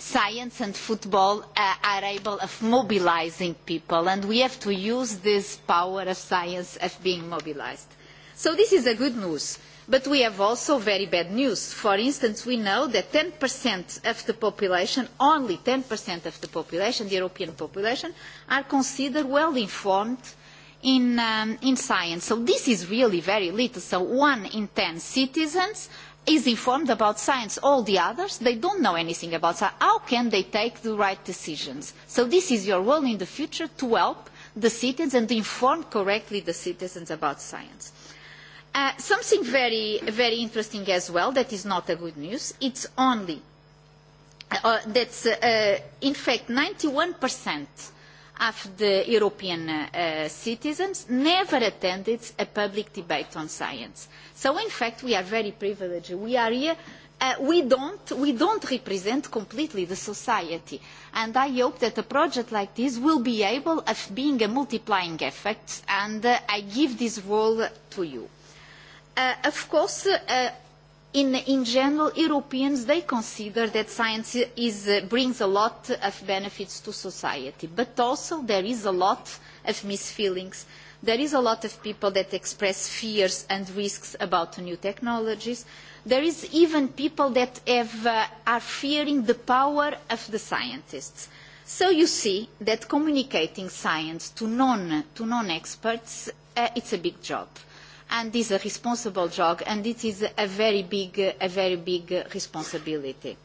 science and football are able of mobilising people and we have to use this power of science of being mobilised. So this is good news, but we have also very bad news. For instance, we know that 10% of the population, only 10% of the population, the European population, are considered well informed in science. So this is really very little. So one in 10 citizens is informed about science. All the others, they don't know anything about science. How can they take the right decisions? So this is your role in the future to help the citizens and inform correctly the citizens about science. Something very, very interesting as well that is not a good news. It's only that, in fact, 91% of the European citizens never attended a public debate on science. So, in fact, we are very privileged. We are here. We don't represent completely the society. And I hope that a project like this will be able of being a multiplying effect. And I give this role to you. Of course In general, Europeans, they consider that science brings a lot of benefits to society, but also there is a lot of misfeelings. There is a lot of people that express fears and risks about new technologies. There is even people that are fearing the power of the scientists. So you see that communicating science to non-experts, it's a big job and is a responsible job and it is a very big a very big responsibility.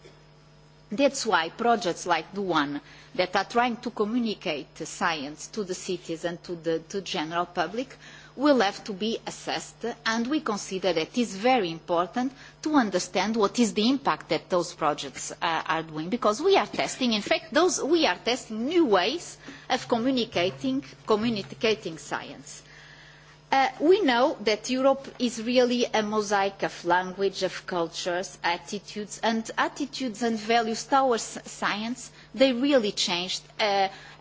That's why projects like the one that are trying to communicate science to the cities and to the general public will have to be assessed and we consider that it is very important to understand what is the impact that those projects are doing because we are testing in fact we are testing new ways of communicating science. We know that Europe is really a mosaic of language, of cultures, attitudes, and attitudes and values towards science, they really changed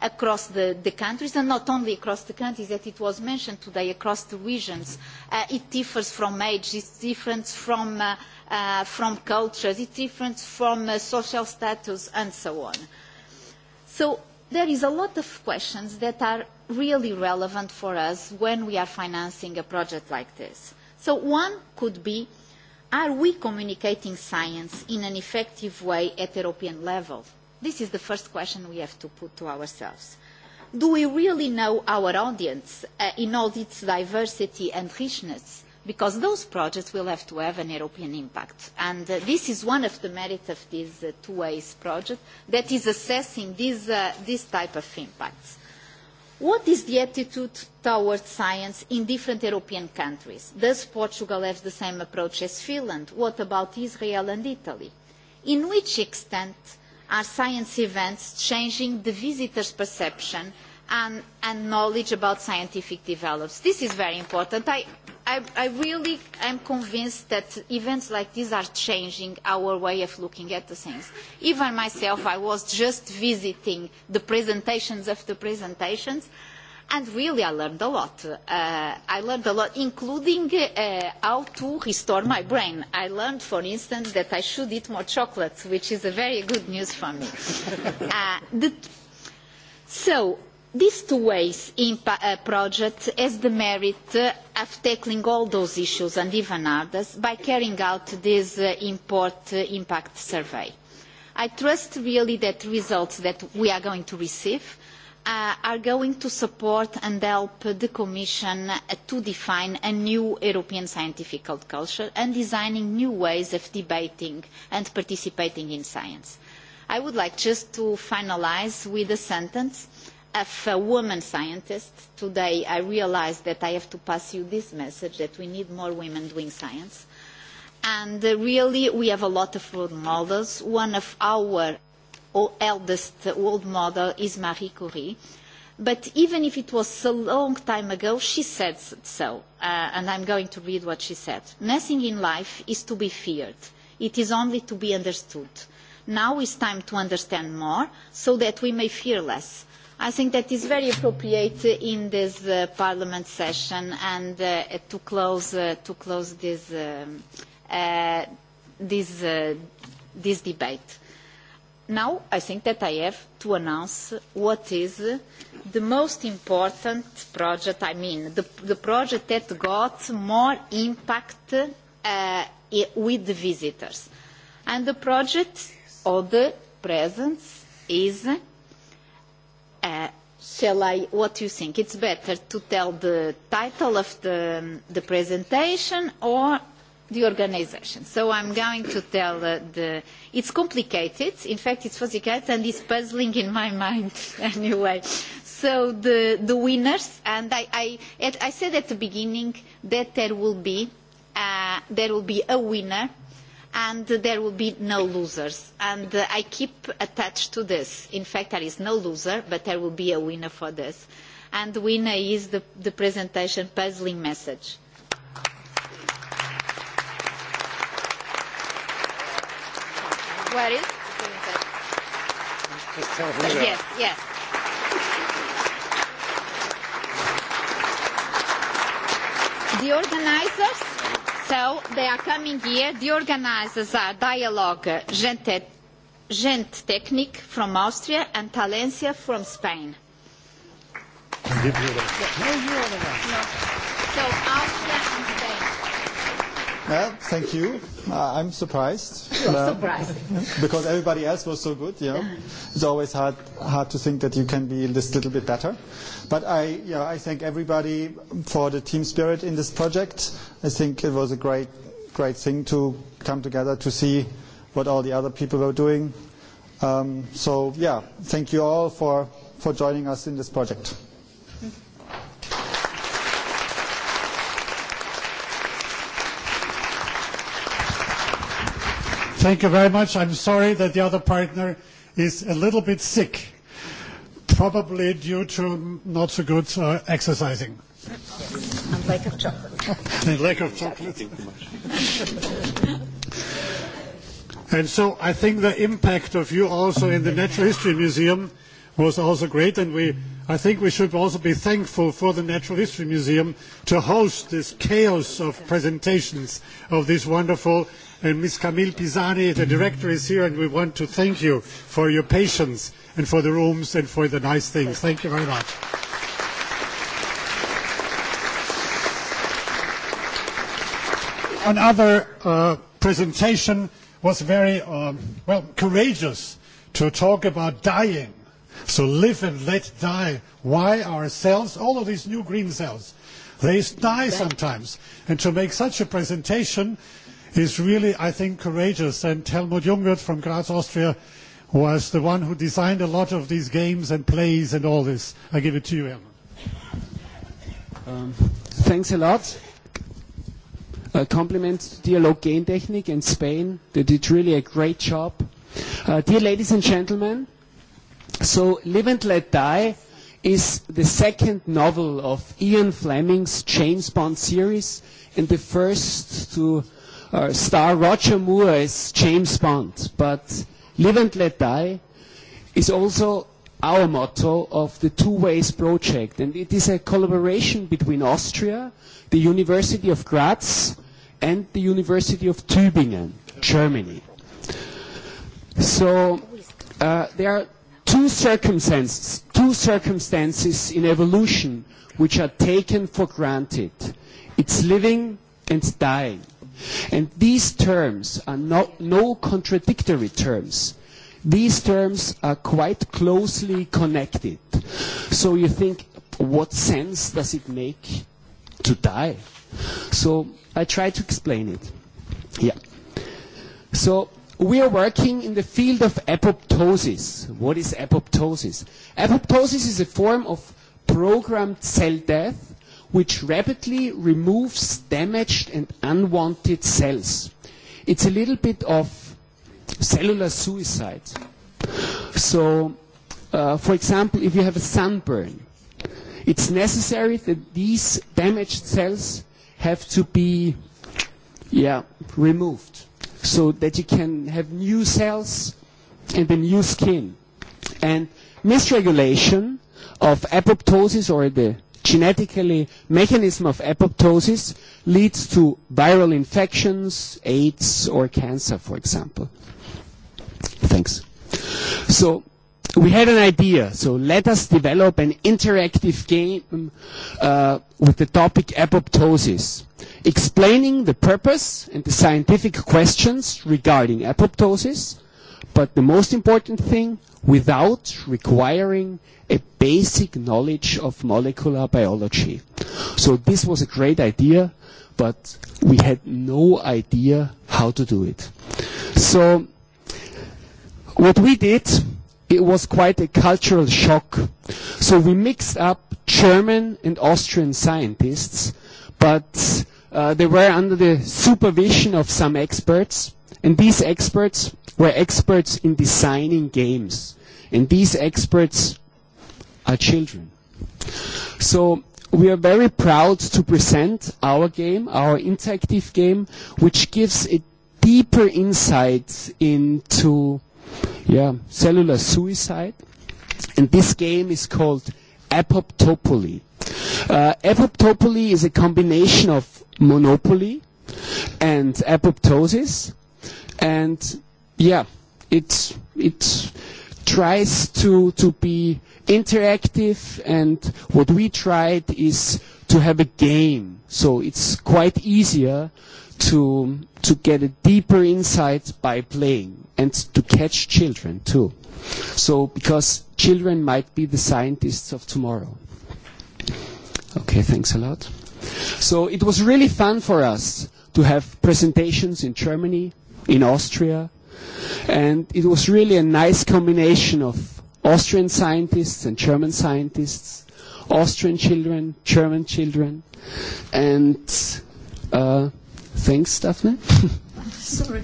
across the countries, and not only across the countries that it was mentioned today, across the regions. It differs from age, it differs from cultures, it differs from social status, and so on. So there is a lot of questions that are really relevant for us when we are financing a project like this. So one could be, are we communicating science in an effective way at European level? This is the first question we have to put to ourselves. Do we really know our audience in all its diversity and richness? Because those projects will have to have an European impact. And this is one of the merits of this two-ways project that is assessing these type of impacts. What is the attitude towards science in different European countries? Does Portugal have the same approach as Finland? What about Israel and Italy? In which extent are science events changing the visitors' perception and knowledge about scientific develops? This is very important. I really am convinced that events like these are changing our way of looking at the things. Even myself, I was just visiting the presentations of the presentations, and really I learned a lot. I learned a lot, including how to restore my brain. I learned, for instance, that I should eat more chocolate, which is very good news for me. So These two ways project has the merit of tackling all those issues and even others by carrying out this import impact survey. I trust really that the results that we are going to receive are going to support and help the Commission to define a new European scientific culture and designing new ways of debating and participating in science. I would like just to finalize with a sentence a woman scientist. Today I realise that I have to pass you this message that we need more women doing science. And really we have a lot of role models. One of our eldest world model is Marie Curie. But even if it was a long time ago, she said so. And I'm going to read what she said. Nothing in life is to be feared. It is only to be understood. Now is time to understand more so that we may fear less. I think that is very appropriate in this Parliament session and to close this this debate. Now I think that I have to announce what is the most important project, I mean, the project that got more impact with the visitors. And the project of the presence is Shall I? What do you think? It's better to tell the title of the presentation or the organisation. So I'm going to tell the. It's complicated. In fact, it's complicated and it's puzzling in my mind anyway. So the the winners and I I said at the beginning that there will be there will be a winner and there will be no losers. And I keep attached to this. In fact, there is no loser, but there will be a winner for this. And the winner is the presentation puzzling message. is? Yes, The So they are coming here. The organisers are Dialogue Gent Technic from Austria and Talencia from Spain. Well, thank you. I'm surprised. surprised. Because everybody else was so good, yeah. It's always hard hard to think that you can be this little bit better. But I yeah, I thank everybody for the team spirit in this project. I think it was a great great thing to come together to see what all the other people were doing. Um so yeah, thank you all for for joining us in this project. Thank you very much. I'm sorry that the other partner is a little bit sick, probably due to not so good exercising. And lack of chocolate. And lack of chocolate. so I think the impact of you also in the Natural History Museum was also great, and we, I think we should also be thankful for the Natural History Museum to host this chaos of presentations of this wonderful and Ms. Camille Pisani, the director, is here, and we want to thank you for your patience and for the rooms and for the nice things. Thank you very much. Another presentation was very, well, courageous to talk about dying. So live and let die. Why our cells, all of these new green cells, they die sometimes. And to make such a presentation, is really, I think, courageous. And Helmut Jungert from Graz, Austria, was the one who designed a lot of these games and plays and all this. I give it to you, Helmut. Thanks a lot. Compliments to Dialog technique in Spain. They did really a great job. Dear ladies and gentlemen, so Live and Let Die is the second novel of Ian Fleming's James Bond series and the first to star Roger Moore as James Bond, but live and let die is also our motto of the Two Ways project, and it is a collaboration between Austria, the University of Graz, and the University of Tübingen, Germany. So there are two circumstances, two circumstances in evolution which are taken for granted. It's living and dying. And these terms are not no contradictory terms. These terms are quite closely connected. So you think, what sense does it make to die? So I try to explain it. Yeah. So we are working in the field of apoptosis. What is apoptosis? Apoptosis is a form of programmed cell death which rapidly removes damaged and unwanted cells. It's a little bit of cellular suicide. So, for example, if you have a sunburn, it's necessary that these damaged cells have to be removed so that you can have new cells and a new skin. And misregulation of apoptosis or the genetically mechanism of apoptosis leads to viral infections, AIDS or cancer, for example. Thanks. So we had an idea. So let us develop an interactive game with the topic apoptosis, explaining the purpose and the scientific questions regarding apoptosis, but the most important thing, without requiring a basic knowledge of molecular biology. So this was a great idea, but we had no idea how to do it. So what we did, it was quite a cultural shock. So we mixed up German and Austrian scientists, but they were under the supervision of some experts, and these experts were experts in designing games. And these experts are children. So we are very proud to present our game, our interactive game, which gives a deeper insight into yeah, cellular suicide. And this game is called Apoptopoly. Apoptopoly is a combination of monopoly and apoptosis. And yeah, it it tries to to be interactive, and what we tried is to have a game, so it's quite easier to to get a deeper insight by playing and to catch children too. So because children might be the scientists of tomorrow. Okay, thanks a lot. So it was really fun for us to have presentations in Germany, in Austria And it was really a nice combination of Austrian scientists and German scientists, Austrian children, German children, and uh, thanks, Daphne. Sorry.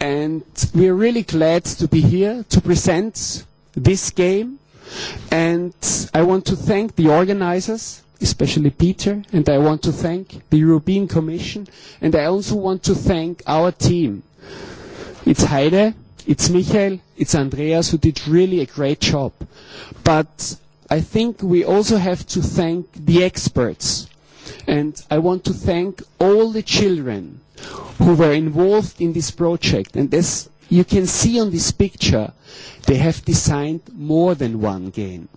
And we are really glad to be here to present this game. And I want to thank the organizers, especially Peter, and I want to thank the European Commission, and I also want to thank our team It's Heide, it's Michael, it's Andreas who did really a great job. But I think we also have to thank the experts. And I want to thank all the children who were involved in this project. And as you can see on this picture, they have designed more than one game.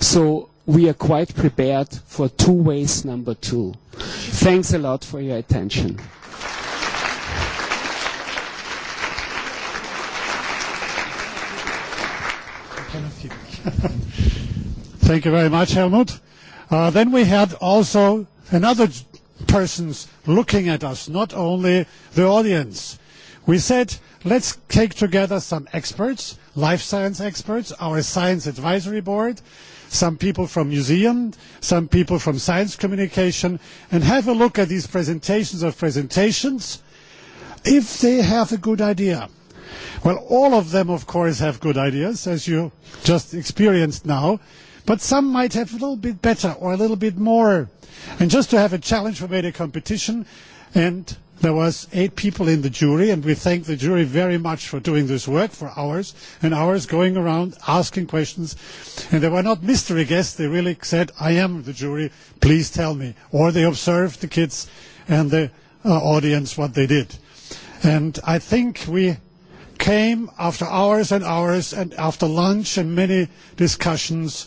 So we are quite prepared for two ways number two. Thanks a lot for your attention. Thank you very much, Helmut. Then we had also another persons looking at us, not only the audience. We said, let's take together some experts, life science experts, our science advisory board, some people from museum, some people from science communication, and have a look at these presentations of presentations, if they have a good idea. Well, all of them, of course, have good ideas, as you just experienced now, but some might have a little bit better or a little bit more. And just to have a challenge, we made a competition, and there was eight people in the jury, and we thank the jury very much for doing this work for hours and hours, going around asking questions. And they were not mystery guests; they really said, "I am the jury. Please tell me." Or they observed the kids and the audience what they did. And I think we came after hours and hours and after lunch and many discussions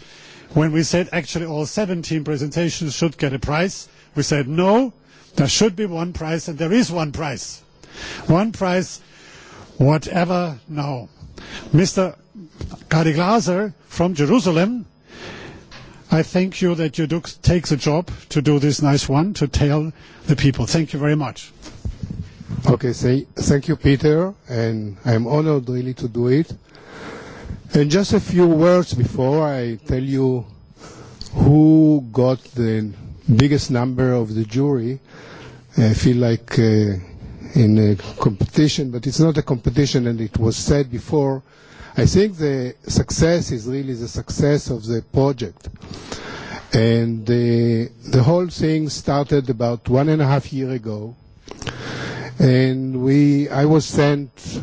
when we said actually all 17 presentations should get a prize. We said no, there should be one prize and there is one prize. One prize, whatever now. Mr. Kari Glaser from Jerusalem, I thank you that you take the job to do this nice one, to tell the people. Thank you very much. Okay, thank you, Peter, and I'm honored really to do it. And just a few words before I tell you who got the biggest number of the jury. I feel like in a competition, but it's not a competition, and it was said before. I think the success is really the success of the project. And the whole thing started about one and a half year ago And we, I was sent,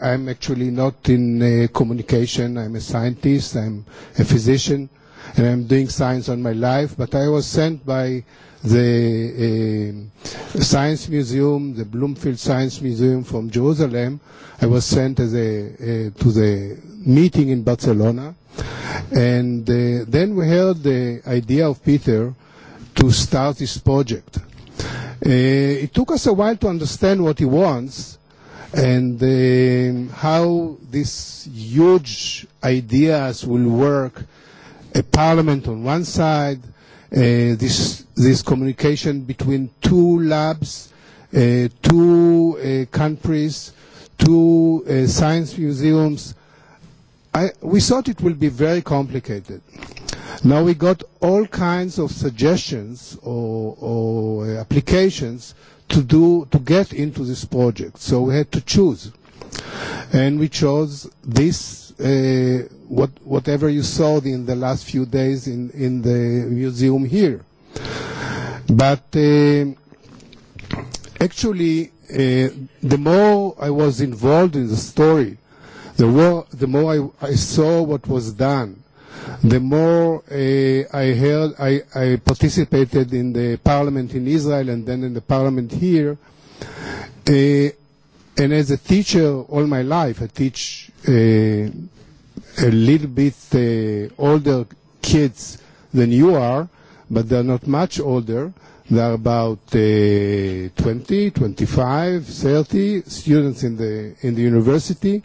I'm actually not in communication, I'm a scientist, I'm a physician, and I'm doing science on my life, but I was sent by the Science Museum, the Bloomfield Science Museum from Jerusalem. I was sent as a, to the meeting in Barcelona, and then we heard the idea of Peter to start this project It took us a while to understand what he wants and how these huge ideas will work. A parliament on one side, this this communication between two labs, two countries, two science museums. I We thought it would be very complicated. Now we got all kinds of suggestions or applications to do to get into this project. So we had to choose, and we chose this. What whatever you saw in the last few days in in the museum here, but actually the more I was involved in the story, the the more I saw what was done The more I heard, I participated in the parliament in Israel and then in the parliament here. And as a teacher all my life, I teach a little bit older kids than you are, but they're not much older. They are about 20, 25, 30 students in the in the university.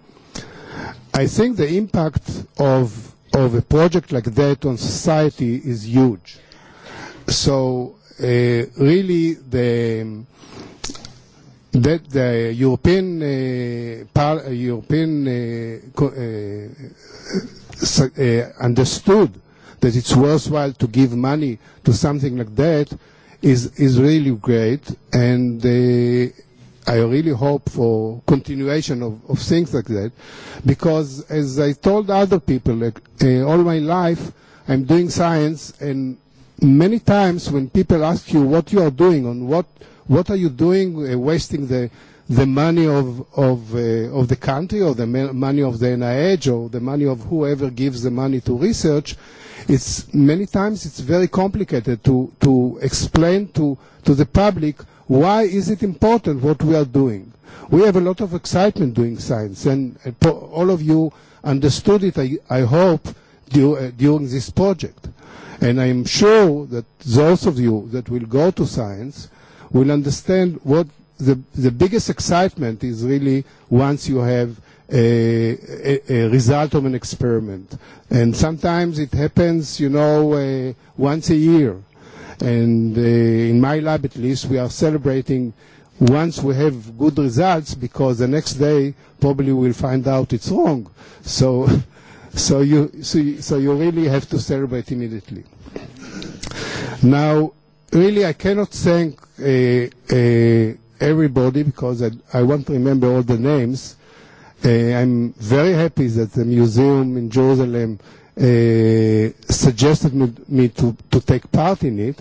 I think the impact of of a project like that on society is huge. So really the that the European European understood that it's worthwhile to give money to something like that is is really great and I really hope for continuation of things like that, because as I told other people all my life, I'm doing science, and many times when people ask you what you are doing, on what what are you doing, wasting the the money of of of the country, or the money of the NIH, or the money of whoever gives the money to research, it's many times it's very complicated to to explain to to the public Why is it important what we are doing? We have a lot of excitement doing science, and all of you understood it, I hope, during this project. And I am sure that those of you that will go to science will understand what the biggest excitement is really once you have a result of an experiment. And sometimes it happens, you know, once a year And in my lab, at least, we are celebrating once we have good results because the next day probably we'll find out it's wrong. So, so you so you really have to celebrate immediately. Now, really, I cannot thank everybody because I I to remember all the names. I'm very happy that the museum in Jerusalem suggested me to to take part in it,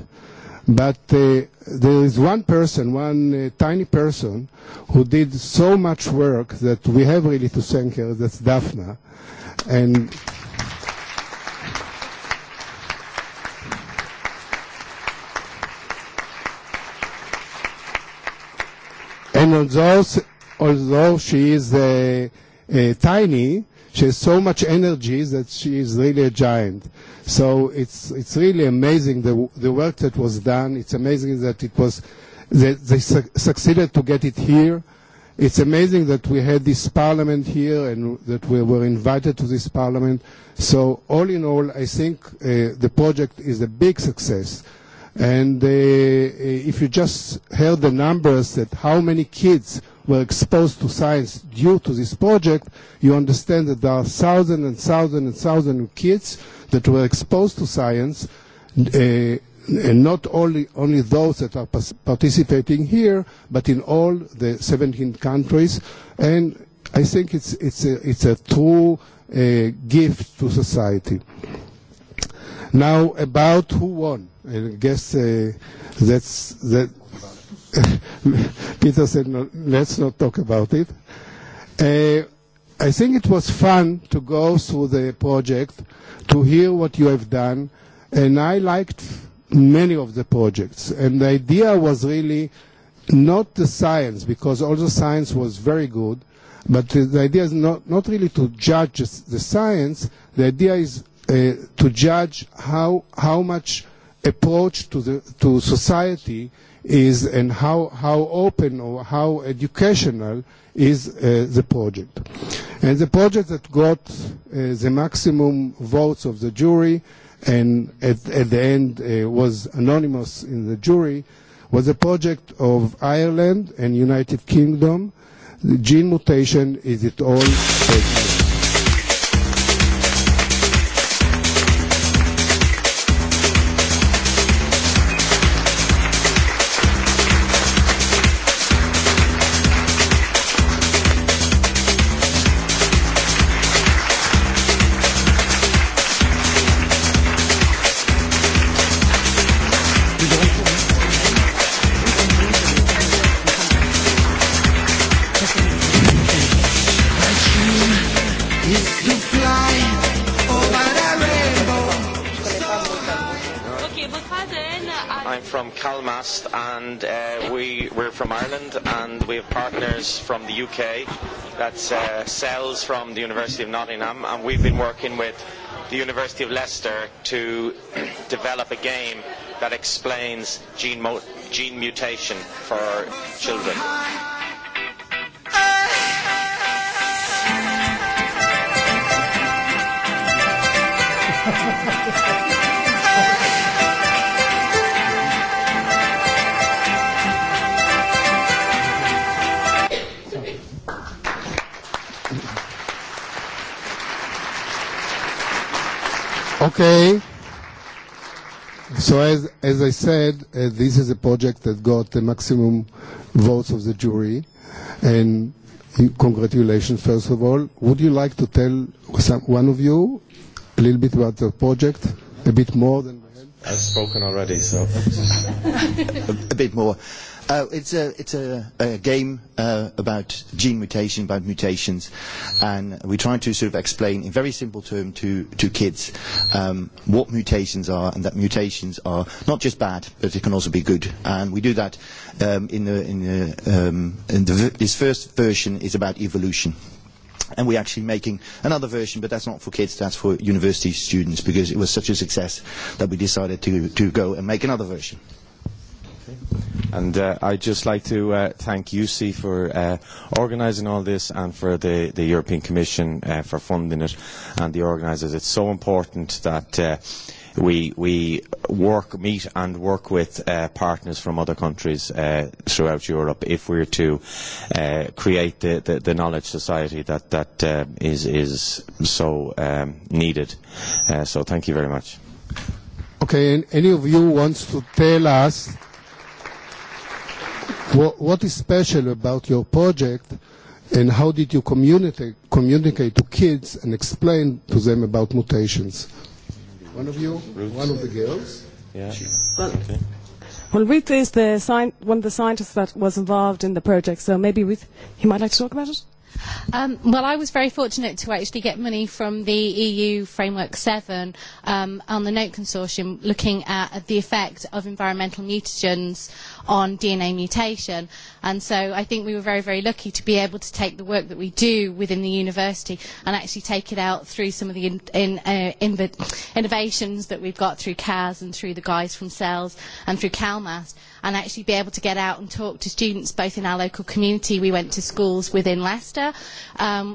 but there is one person, one tiny person, who did so much work that we have really to thank her. That's Daphna, and. And although, although she is tiny, She has so much energy that she is really a giant. So it's it's really amazing the the work that was done. It's amazing that it was that they succeeded to get it here. It's amazing that we had this parliament here and that we were invited to this parliament. So all in all, I think the project is a big success. And if you just heard the numbers that how many kids were exposed to science due to this project, you understand that there are thousands and thousands and thousands of kids that were exposed to science, and not only only those that are participating here, but in all the 17 countries. And I think it's it's a it's a true gift to society. Now about who won, I guess that's that Peter said, let's not talk about it. I think it was fun to go through the project, to hear what you have done, and I liked many of the projects. And the idea was really not the science, because all the science was very good, but the idea is not not really to judge the science. The idea is to judge how how much approach to the to society is and how how open or how educational is the project. And the project that got the maximum votes of the jury and at the end was anonymous in the jury was a project of Ireland and United Kingdom. The gene mutation is it all the UK that sells from the University of Nottingham and we've been working with the University of Leicester to develop a game that explains gene gene mutation for children. Okay. So as as I said, this is a project that got the maximum votes of the jury, and congratulations first of all. Would you like to tell one of you a little bit about the project, a bit more than I've spoken already, so a bit more. It's a it's a game about gene mutation, about mutations, and we try to sort of explain in very simple terms to to kids what mutations are and that mutations are not just bad, but it can also be good. And we do that in the in the this first version is about evolution. And we're actually making another version, but that's not for kids, that's for university students, because it was such a success that we decided to go and make another version. And I'd just like to thank UC for organising all this and for the European Commission for funding it and the organisers. It's so important that we we work, meet and work with partners from other countries throughout Europe if we're to create the the knowledge society that that is is so needed. So thank you very much. Okay, any of you wants to tell us What is special about your project and how did you communicate communicate to kids and explain to them about mutations? One of you? One of the girls? Yeah. Well, Ruth is the one of the scientists that was involved in the project, so maybe Ruth, he might like to talk about it? Well, I was very fortunate to actually get money from the EU Framework 7 on the NOTE Consortium looking at the effect of environmental mutagens on DNA mutation. And so I think we were very, very lucky to be able to take the work that we do within the university and actually take it out through some of the innovations that we've got through CAS and through the guys from Cells and through CalMast and actually be able to get out and talk to students both in our local community. We went to schools within Leicester.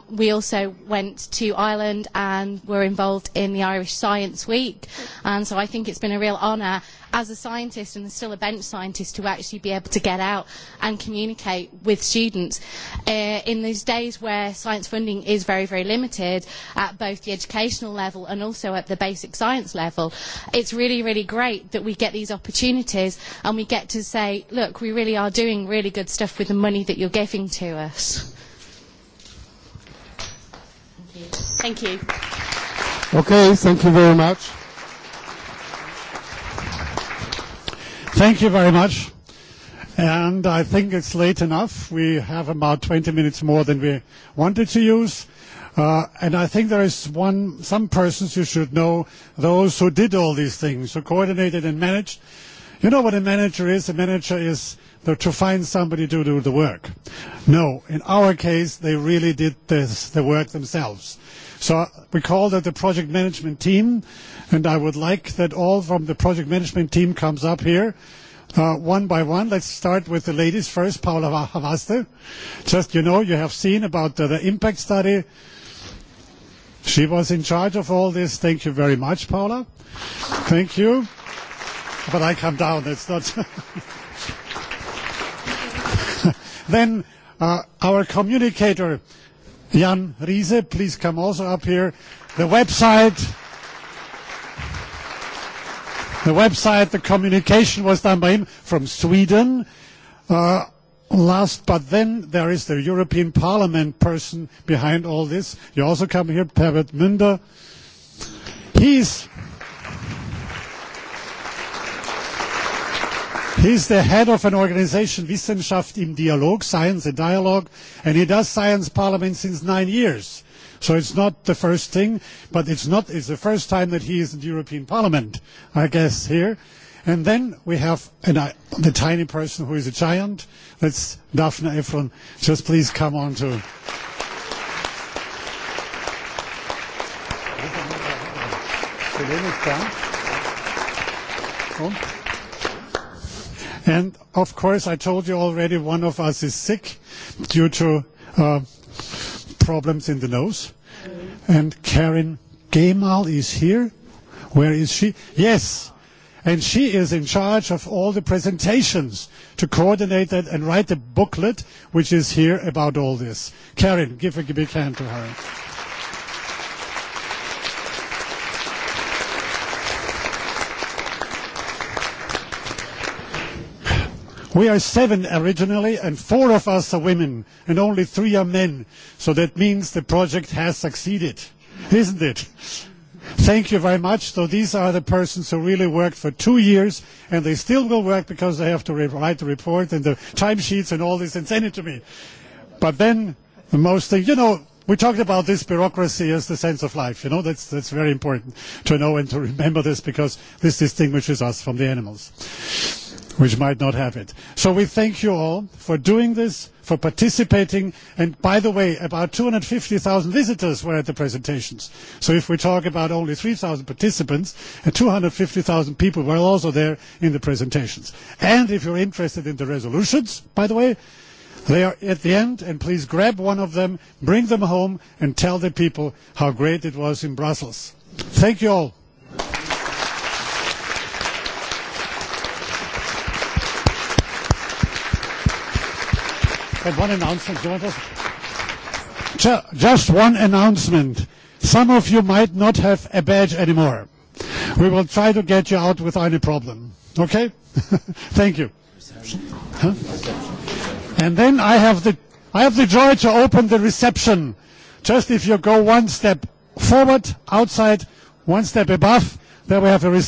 We also went to Ireland and were involved in the Irish Science Week. And so I think it's been a real honour as a scientist and still a bench scientist to actually be able to get out and communicate with students. In these days where science funding is very, very limited at both the educational level and also at the basic science level, it's really, really great that we get these opportunities and we get to say, look, we really are doing really good stuff with the money that you're giving to us. Thank you. Okay, thank you very much. Thank you very much. And I think it's late enough. We have about 20 minutes more than we wanted to use. And I think there is one, some persons you should know, those who did all these things, who coordinated and managed. You know what a manager is? A manager is to find somebody to do the work. No, in our case, they really did the work themselves. So we call that the project management team, and I would like that all from the project management team comes up here one by one. Let's start with the ladies first, Paula Havaste. Just, you know, you have seen about the impact study. She was in charge of all this. Thank you very much, Paula. Thank you. But I come down. It's not. Then our communicator Jan Riese, please come also up here. The website, the website, the communication was done by him from Sweden. Last, but then there is the European Parliament person behind all this. You also come here, Pervert Münder. He's He is the head of an organization, Wissenschaft im Dialog, Science in Dialogue, and he does Science Parliament since nine years. So it's not the first thing, but it's not, it's the first time that he is in the European Parliament, I guess, here. And then we have the tiny person who is a giant. That's Daphne Efron. Just please come on to. And of course, I told you already, one of us is sick due to problems in the nose. And Karin Gemal is here. Where is she? Yes. And she is in charge of all the presentations to coordinate that and write the booklet, which is here about all this. Karin, give a big hand to her. We are seven originally, and four of us are women, and only three are men. So that means the project has succeeded, isn't it? Thank you very much. So these are the persons who really worked for two years, and they still will work because they have to write the report and the timesheets and all this and send it to me. But then the most thing, you know, we talked about this bureaucracy as the sense of life. You know, that's, that's very important to know and to remember this because this distinguishes us from the animals which might not have it. So we thank you all for doing this, for participating. And by the way, about 250,000 visitors were at the presentations. So if we talk about only 3,000 participants, 250,000 people were also there in the presentations. And if you're interested in the resolutions, by the way, they are at the end. And please grab one of them, bring them home, and tell the people how great it was in Brussels. Thank you all. And one announcement. Just one announcement. Some of you might not have a badge anymore. We will try to get you out without any problem. Okay? Thank you. And then I have the I have the joy to open the reception. Just if you go one step forward, outside, one step above, there we have a reception.